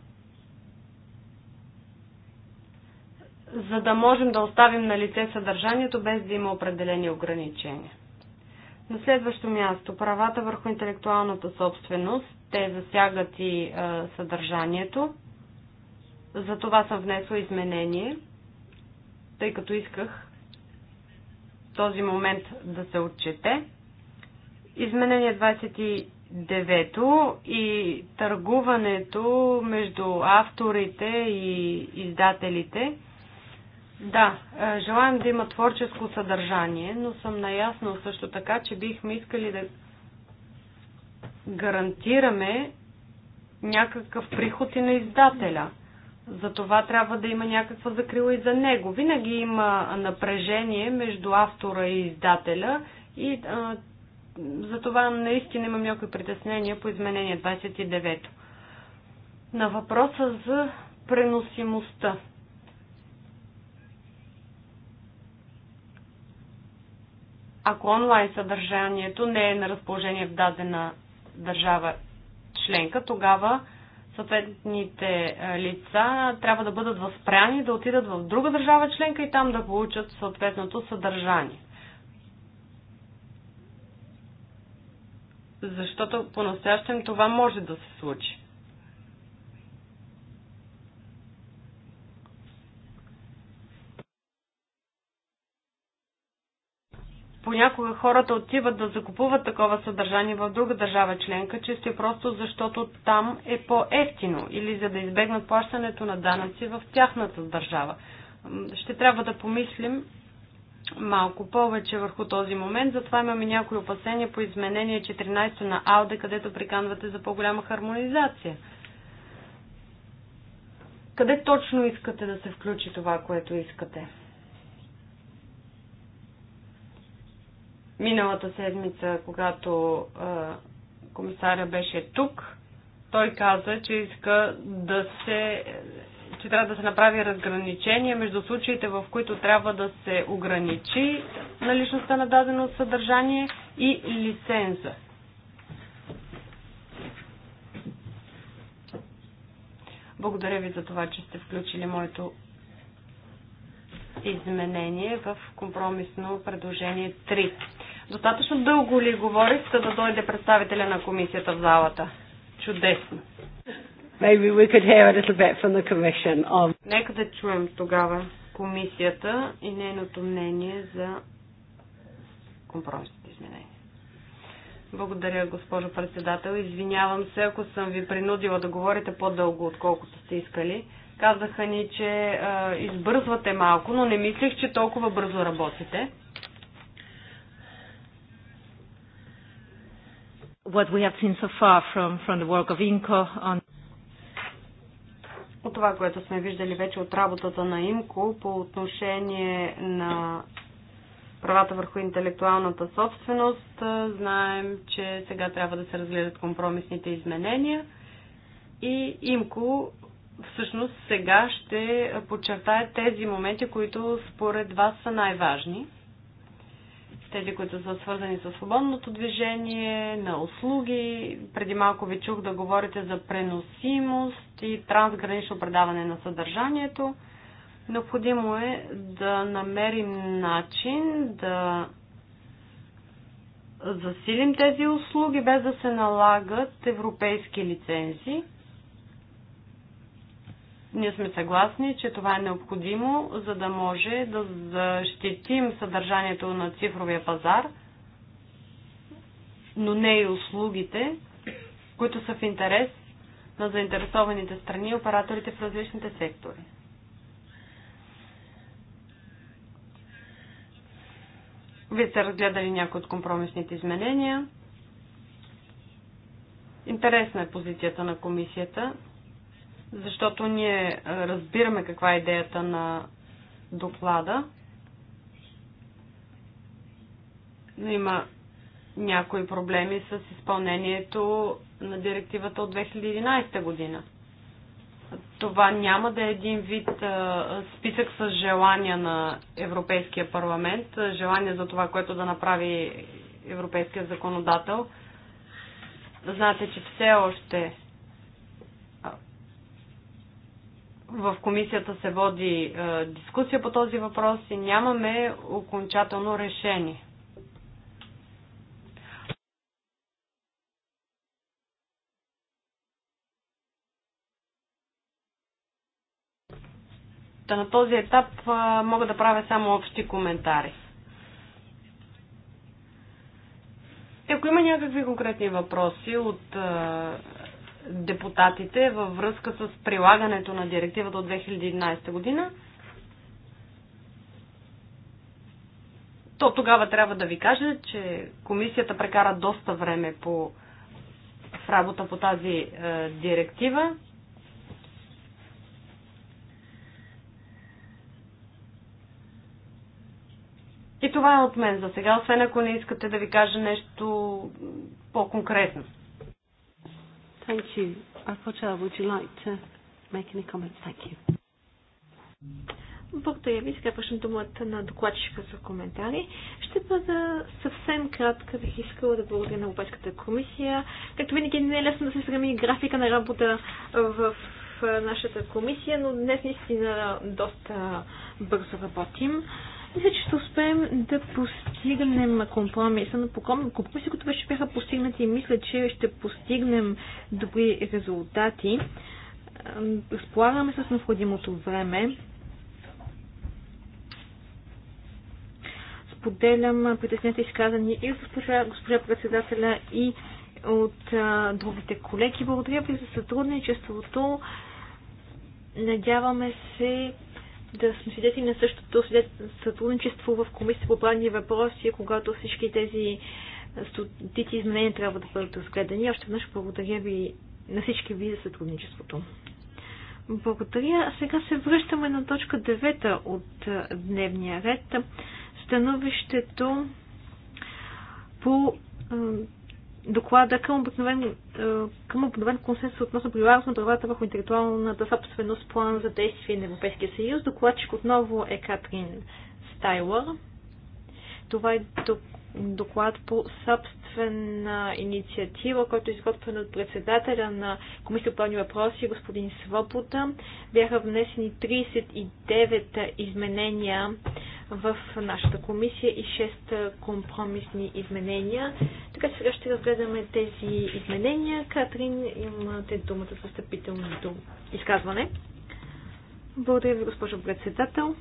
за да можем да оставим на лице съдържанието без да има определени ограничения. На следващо място, правата върху интелектуалната собственост, те засягат и а, съдържанието. За това съм внесла изменение, тъй като исках този момент да се отчете. Изменение 29 и търгуването между авторите и издателите. Да, е, желаем да има творческо съдържание, но съм наясно също така, че бихме искали да гарантираме някакъв приход и на издателя – затова трябва да има някаква закрила и за него. Винаги има напрежение между автора и издателя и а, затова наистина имам някои притеснения по изменение 29. На въпроса за преносимостта. Ако онлайн съдържанието не е на разположение в дадена държава членка, тогава съответните лица трябва да бъдат възпряни да отидат в друга държава членка и там да получат съответното съдържание. Защото по-настоящем това може да се случи. понякога хората отиват да закупуват такова съдържание в друга държава членка, чисто и просто защото там е по-ефтино или за да избегнат плащането на данъци в тяхната държава. Ще трябва да помислим малко повече върху този момент, затова имаме някои опасения по изменение 14 на АУДЕ, където приканвате за по-голяма хармонизация. Къде точно искате да се включи това, което искате? Миналата седмица, когато комисаря беше тук, той каза, че иска да се че трябва да се направи разграничение между случаите, в които трябва да се ограничи наличността на дадено съдържание и лиценза. Благодаря ви за това, че сте включили моето изменение в компромисно предложение 3. Достатъчно дълго ли говорих, за да дойде представителя на комисията в залата? Чудесно. Maybe we could hear a little bit from the commission Нека да чуем тогава комисията и нейното мнение за компромисните изменения. Благодаря, госпожо председател. Извинявам се, ако съм ви принудила да говорите по-дълго, отколкото сте искали. Казаха ни, че а, избързвате малко, но не мислех, че толкова бързо работите. what we have seen so far from, from the work of INCO on от това, което сме виждали вече от работата на ИМКО по отношение на правата върху интелектуалната собственост. Знаем, че сега трябва да се разгледат компромисните изменения и ИМКО всъщност сега ще подчертая тези моменти, които според вас са най-важни тези, които са свързани с свободното движение, на услуги. Преди малко ви чух да говорите за преносимост и трансгранично предаване на съдържанието. Необходимо е да намерим начин да засилим тези услуги, без да се налагат европейски лицензии. Ние сме съгласни, че това е необходимо, за да може да защитим съдържанието на цифровия пазар, но не и услугите, които са в интерес на заинтересованите страни и операторите в различните сектори. Вие сте разгледали някои от компромисните изменения. Интересна е позицията на комисията защото ние е, разбираме каква е идеята на доклада. Но има някои проблеми с изпълнението на директивата от 2011 година. Това няма да е един вид е, списък с желания на Европейския парламент, е, желание за това, което да направи европейския законодател. Знаете, че все още в комисията се води е, дискусия по този въпрос и нямаме окончателно решение. Та на този етап е, мога да правя само общи коментари. Ако има някакви конкретни въпроси от е, депутатите във връзка с прилагането на директивата от 2011 година, то тогава трябва да ви кажа, че комисията прекара доста време по, в работа по тази е, директива. И това е от мен за сега, освен ако не искате да ви кажа нещо по-конкретно. Thank you. Rapporteur, uh, would you like to make any comments? Thank you. Благодаря ви. Сега вършим думата на докладчика за коментари. Ще бъда съвсем кратка. Бих искала да благодаря на Европейската комисия. Както винаги не е лесно да се срами графика на работа в нашата комисия, но днес наистина доста бързо работим. Мисля, че ще успеем да постигнем компромиса, но компромиси, които вече бяха постигнати, мисля, че ще постигнем добри резултати. Разполагаме с необходимото време. Споделям притеснените изказани и от госпожа, госпожа председателя и от а, другите колеги. Благодаря ви за сътрудничеството. Надяваме се да сме свидетели на същото сътрудничество в комисия по правни въпроси, когато всички тези е, стотици изменения трябва да бъдат разгледани. Още веднъж благодаря ви на всички ви за сътрудничеството. Благодаря. Сега се връщаме на точка 9 от е, дневния ред. Становището по е, доклада към обикновен, е, към обикновен консенсус относно прилагането на правата върху интелектуалната собственост план за действие на Европейския съюз. Докладчик отново е Катрин Стайлър. Това е доклад по собствена инициатива, който е изготвен от председателя на Комисията по правни въпроси, господин Свобода. Бяха внесени 39 изменения в нашата комисия и 6 компромисни изменения. Така че сега ще разгледаме тези изменения. Катрин, имате думата за встъпителното изказване. Благодаря ви, госпожо председател.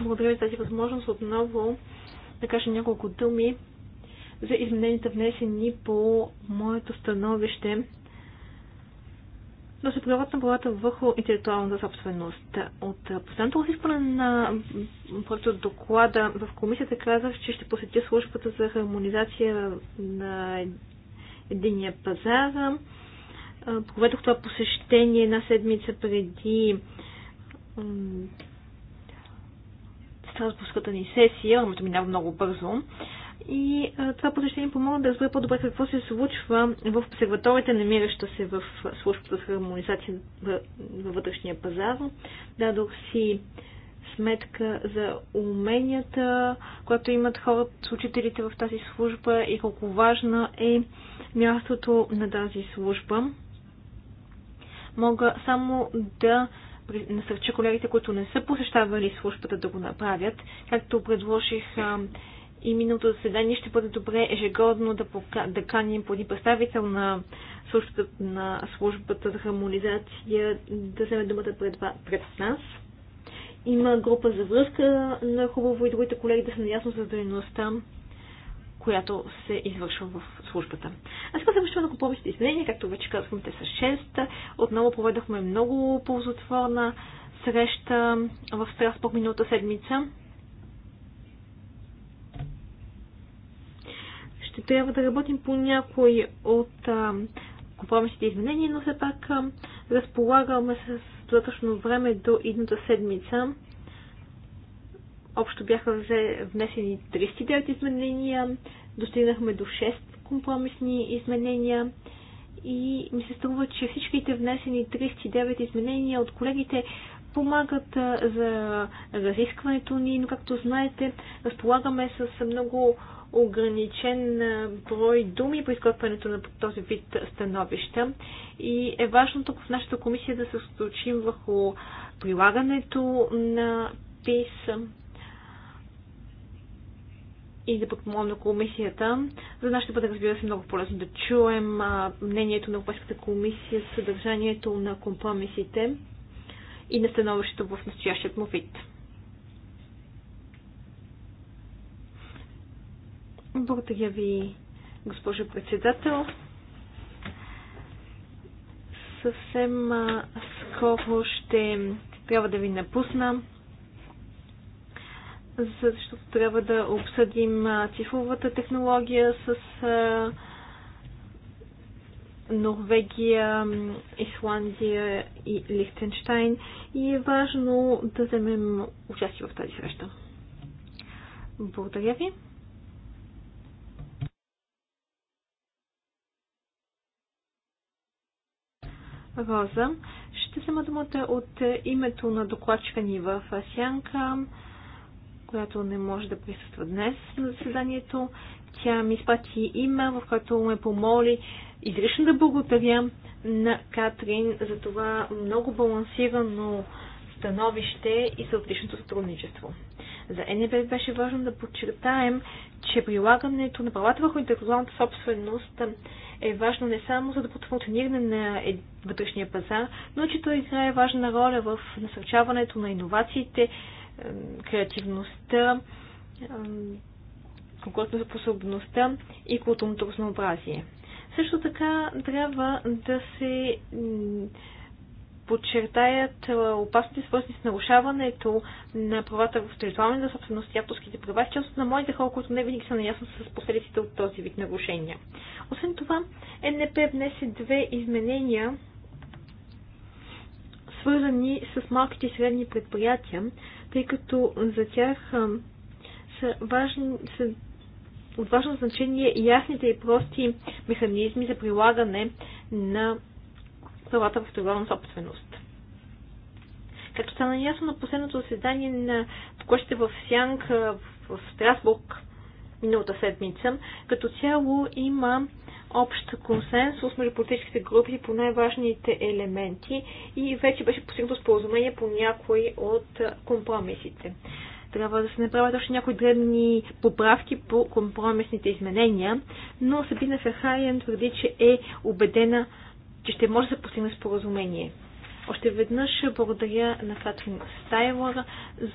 Благодаря ви за тази възможност отново да кажа няколко думи за измененията внесени по моето становище да се прилагат на правата върху интелектуалната собственост. От последното изпълнение на проекта от доклада в комисията казах, че ще посетя службата за хармонизация на единия пазар. Проведох това посещение една седмица преди Страсбургската ни сесия, но минава много бързо и а, това посещение помогна да разбера по-добре какво се случва в обсерваторията, намираща се в службата с хармонизация във вътрешния пазар. Дадох си сметка за уменията, които имат хората, учителите в тази служба и колко важна е мястото на тази служба. Мога само да насърча колегите, които не са посещавали службата да го направят. Както предложих и миналото заседание ще бъде добре ежегодно да, пока, да каним по един представител на службата, на службата за хармонизация да вземе думата пред, пред нас. Има група за връзка на хубаво и другите колеги да са наясно за дейността, която се извършва в службата. А сега завършваме на компромисните изменения, както вече казахме, те са 6. Отново проведохме много ползотворна среща в Страсбург миналата седмица ще трябва да работим по някои от компромисните изменения, но все пак разполагаме с достатъчно време до идната седмица. Общо бяха внесени 39 изменения, достигнахме до 6 компромисни изменения и ми се струва, че всичките внесени 39 изменения от колегите помагат за разискването ни, но както знаете, разполагаме с много ограничен брой думи по изготвянето на този вид становища и е важно тук в нашата комисия да се случим върху прилагането на ПИС и да на комисията. За нас ще бъде, разбира се, много полезно да чуем мнението на Европейската комисия, съдържанието на компромисите и на становището в настоящият му вид. Благодаря ви, госпожо председател. Съвсем скоро ще трябва да ви напусна, защото трябва да обсъдим цифровата технология с Норвегия, Исландия и Лихтенштайн и е важно да вземем участие в тази среща. Благодаря ви. Роза, ще взема думата от името на докладчика ни в Сянка, която не може да присъства днес на заседанието. Тя ми спати имейл, в който ме помоли изрично да благодаря на Катрин за това много балансирано становище и съответното сътрудничество. За НБ беше важно да подчертаем, че прилагането на правата върху интелектуалната собственост е важно не само за да функциониране на е, вътрешния пазар, но че той играе важна роля в насърчаването на иновациите, креативността, способността и културното разнообразие. Също така трябва да се подчертаят опасните свързани с нарушаването на правата в интелектуалната собственост и авторските права, част на моите хора, които не винаги са наясно с последиците от този вид нарушения. Освен това, НП внесе две изменения, свързани с малките и средни предприятия, тъй като за тях са важни, са от важно значение е ясните и прости механизми за прилагане на правата в трудовна собственост. Както стана ясно на последното заседание на Кощите в Сянг в, в Страсбург миналата седмица, като цяло има общ консенсус между политическите групи по най-важните елементи и вече беше постигнато споразумение по някои от компромисите. Трябва да се направят още някои древни поправки по компромисните изменения, но Сабина Ферхайен твърди, че е убедена, че ще може да се постигне споразумение. Още веднъж благодаря на Катрин Стайлър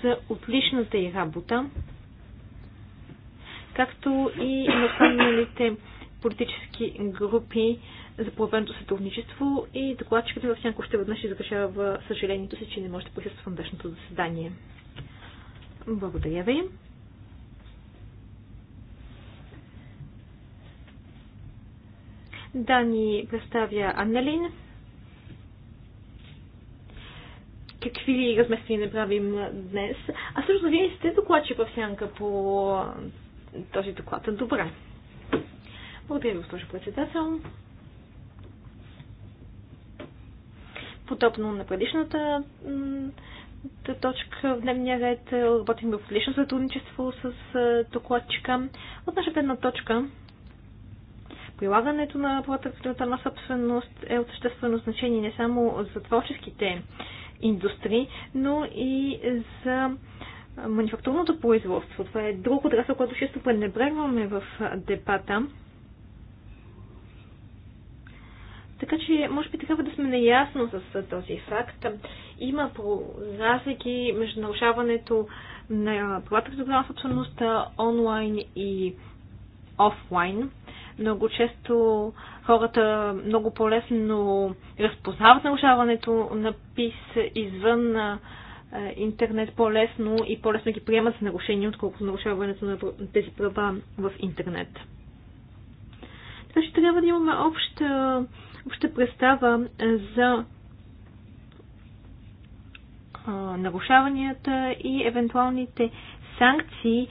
за отличната й работа, както и на останалите политически групи за проявеното сътрудничество и докладчиката в сянко ще веднъж изразява съжалението си, че не може да присъства на днешното заседание. Благодаря ви. Да ни представя Аннелин. Какви размествания направим днес? А също вие сте докладчик в сянка по този доклад. Добре. Благодаря ви, госпожо председател. Подобно на предишната точка в дневния ред. Е, работим в лично сътрудничество с е, докладчика. От наша гледна точка, прилагането на правата на собственост е от съществено значение не само за творческите индустрии, но и за манифактурното производство. Това е друг отрасъл, който често пренебрегваме в дебата. Така че, може би трябва да сме наясно с този факт. Има разлики между нарушаването на правата за собствеността онлайн и офлайн. Много често хората много по-лесно разпознават нарушаването на ПИС извън интернет по-лесно и по-лесно ги приемат за нарушение, отколкото нарушаването на тези права в интернет. Така че трябва да имаме обща ще представа е, за нарушаванията и евентуалните санкции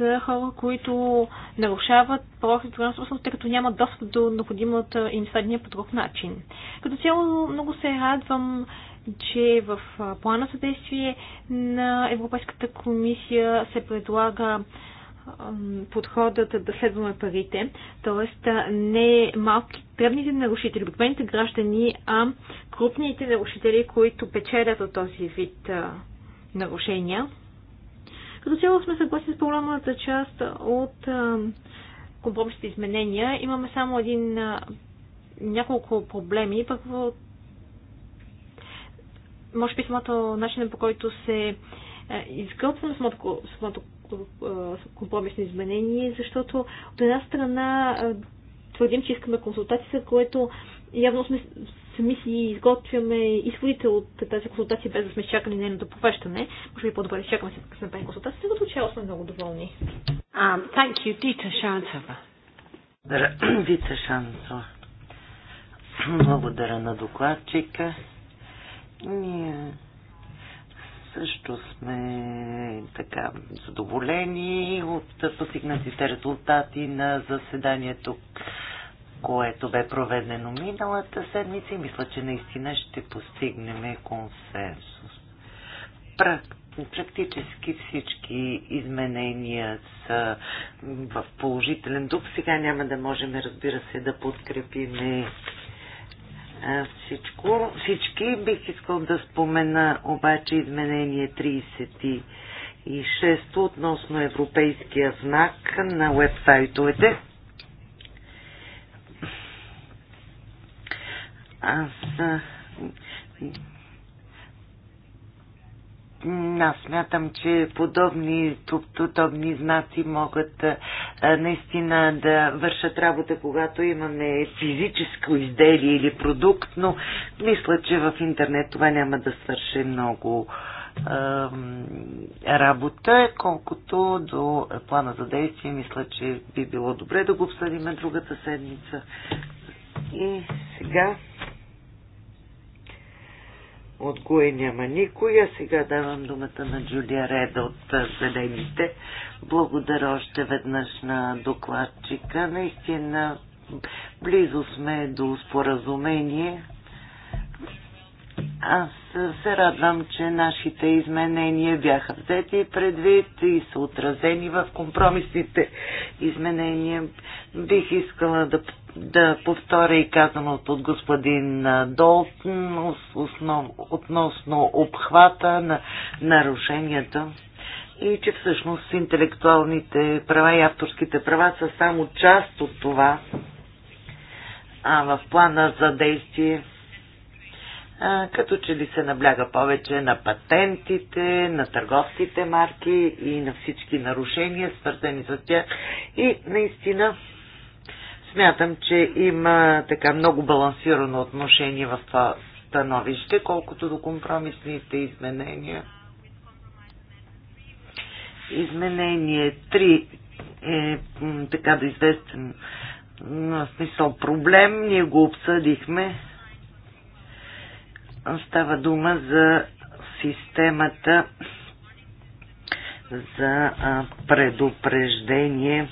за хора, които нарушават правилата собственост, тъй като нямат достъп до необходимата им следния по друг начин. Като цяло много се радвам, че в плана съдействие на Европейската комисия се предлага подходът да следваме парите, т.е. не малки тръбните нарушители, обикновените граждани, а крупните нарушители, които печелят от този вид нарушения. Като цяло сме съгласни с по-голямата част от компромисните изменения. Имаме само един няколко проблеми. Първо, може би самото начинът по който се изгълпваме самото, самото компромисно изменение, защото от една страна твърдим, че искаме консултация, за което явно сме, сами си изготвяме изходите от тази консултация, без да сме чакали нейното повещане. Може би по-добре да чакаме, след като сме консултация, тъй като че сме много доволни. Um, thank you, Дита Шанцева. Дита Шанцева. Благодаря на докладчика също сме така задоволени от постигнатите резултати на заседанието, което бе проведено миналата седмица и мисля, че наистина ще постигнем консенсус. Практически всички изменения са в положителен дух. Сега няма да можем, разбира се, да подкрепим всичко, всички. Бих искал да спомена обаче изменение 36 относно европейския знак на вебсайтовете. Аз аз смятам, че подобни, подобни знаци могат наистина да вършат работа, когато имаме физическо изделие или продукт, но мисля, че в интернет това няма да свърши много а, работа, колкото до плана за действие, мисля, че би било добре да го обсъдим другата седмица. И сега от кое няма никоя. Сега давам думата на Джулия Реда от Зелените. Благодаря още веднъж на докладчика. Наистина близо сме до споразумение аз се радвам, че нашите изменения бяха взети предвид и са отразени в компромисните изменения. Бих искала да, да повторя и казаното от господин Долтон основ, относно обхвата на нарушенията и че всъщност интелектуалните права и авторските права са само част от това. А в плана за действие а, като че ли се набляга повече на патентите, на търговските марки и на всички нарушения, свързани с тях. И наистина смятам, че има така много балансирано отношение в това становище, колкото до компромисните изменения. Изменение 3 е така до да известен смисъл проблем. Ние го обсъдихме става дума за системата за предупреждение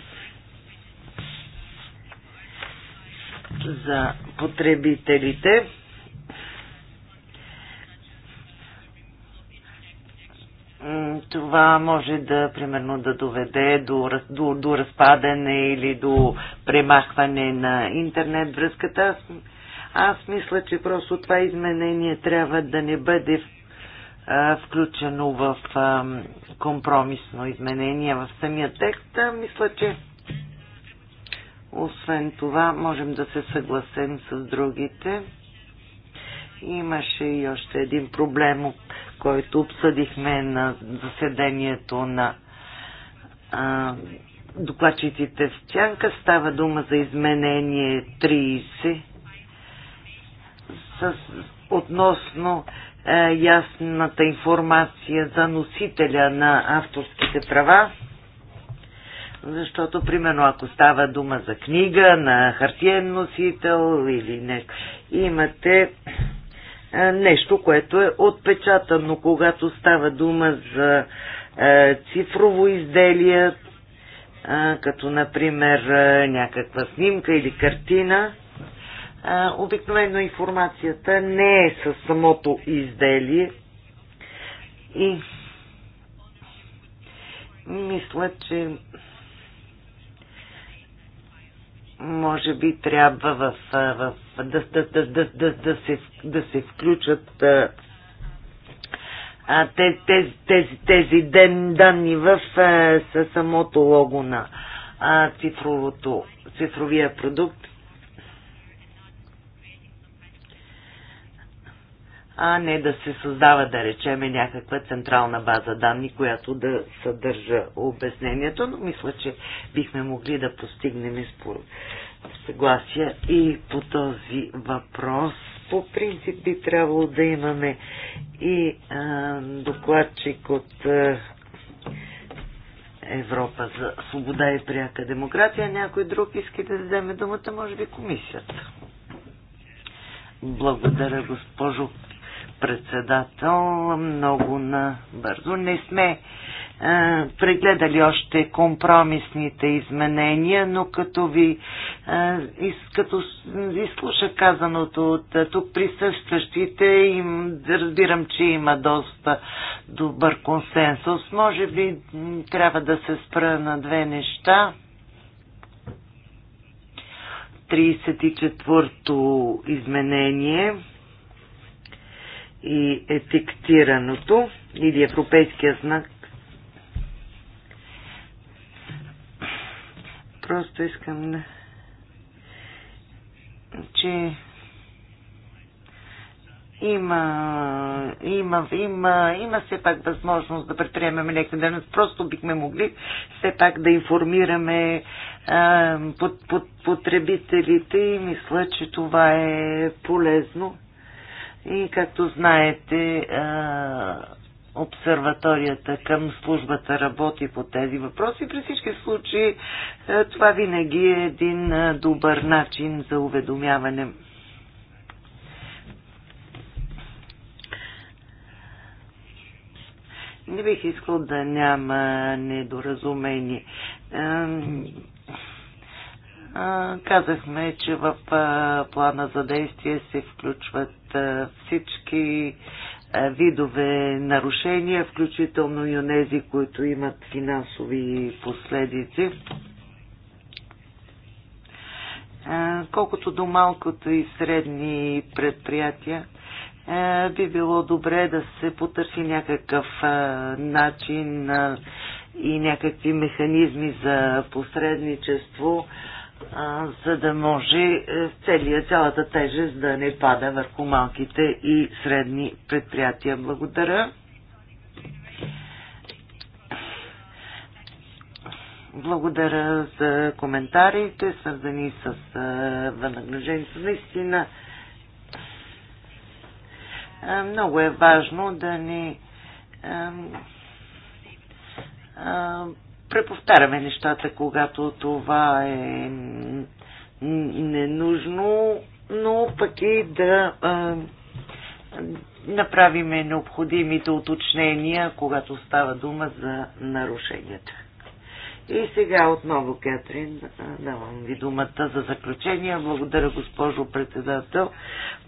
за потребителите. Това може да, примерно, да доведе до, до, до разпадане или до премахване на интернет връзката. Аз мисля, че просто това изменение трябва да не бъде а, включено в а, компромисно изменение в самия текст. А, мисля, че освен това можем да се съгласим с другите. Имаше и още един проблем, който обсъдихме на заседанието на а, докладчиците в Тянка. Става дума за изменение 30 с, относно е, ясната информация за носителя на авторските права. Защото, примерно, ако става дума за книга, на хартиен носител или нещо, имате е, нещо, което е отпечатано. Когато става дума за е, цифрово изделие, е, като, например, е, някаква снимка или картина, обикновено информацията не е със самото изделие и мисля, че може би трябва в, в, в да, да, да, да, да, да, се, да се включат а, тези, тези, тези, тези ден, данни в а, самото лого на а, цифровото, цифровия продукт. а не да се създава, да речеме, някаква централна база данни, която да съдържа обяснението, но мисля, че бихме могли да постигнем спор... съгласие и по този въпрос. По принцип би трябвало да имаме и а, докладчик от а, Европа за свобода и пряка демокрация. Някой друг иска да вземе думата, може би комисията. Благодаря, госпожо председател, много набързо. Не сме а, е, прегледали още компромисните изменения, но като ви а, е, из, като изслуша казаното от е, тук присъстващите, им, разбирам, че има доста добър консенсус. Може би трябва да се спра на две неща. 34-то изменение – и етиктирането или европейския знак. Просто искам да... че има, има, има, има все пак възможност да предприемем някакви дейности. Просто бихме могли все пак да информираме а, под, под, потребителите и мисля, че това е полезно. И както знаете, обсерваторията към службата работи по тези въпроси. При всички случаи това винаги е един добър начин за уведомяване. Не бих искал да няма недоразумение. Казахме, че в плана за действие се включват всички видове нарушения, включително и онези, които имат финансови последици. Колкото до малкото и средни предприятия, би било добре да се потърси някакъв начин и някакви механизми за посредничество за да може е, целия, цялата тежест да не пада върху малките и средни предприятия. Благодаря. Благодаря за коментарите, свързани с възнаграждението. Наистина много е важно да ни преповтаряме нещата, когато това е ненужно, но пък и да а, направиме необходимите уточнения, когато става дума за нарушенията. И сега отново, Кетрин, давам ви думата за заключение. Благодаря, госпожо председател.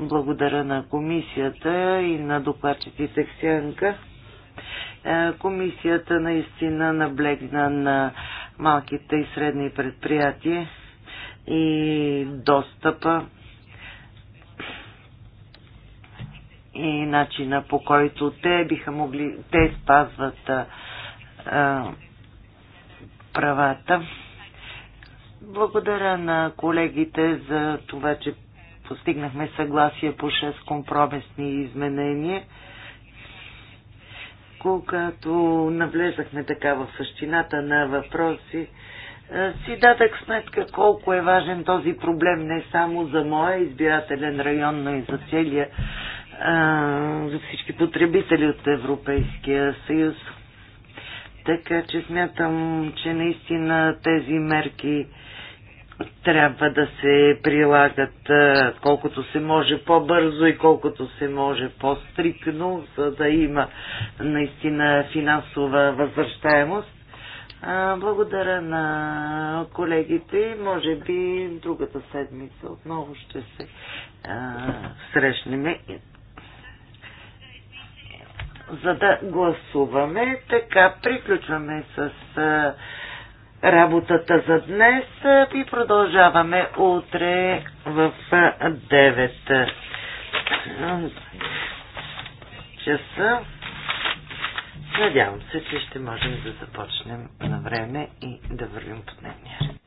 Благодаря на комисията и на докладчиците в сянка. Е, комисията наистина наблегна на малките и средни предприятия и достъпа и начина по който те биха могли, те спазват а, е, правата. Благодаря на колегите за това, че постигнахме съгласие по 6 компромисни изменения когато навлезахме така в същината на въпроси, е, си дадах сметка колко е важен този проблем не само за моя избирателен район, но и за целия, е, за всички потребители от Европейския съюз. Така че смятам, че наистина тези мерки трябва да се прилагат колкото се може по-бързо и колкото се може по-стрикно, за да има наистина финансова възвръщаемост. Благодаря на колегите. Може би другата седмица отново ще се срещнем за да гласуваме. Така приключваме с работата за днес и продължаваме утре в 9 часа. Надявам се, че ще можем да започнем на време и да вървим по дневния ред.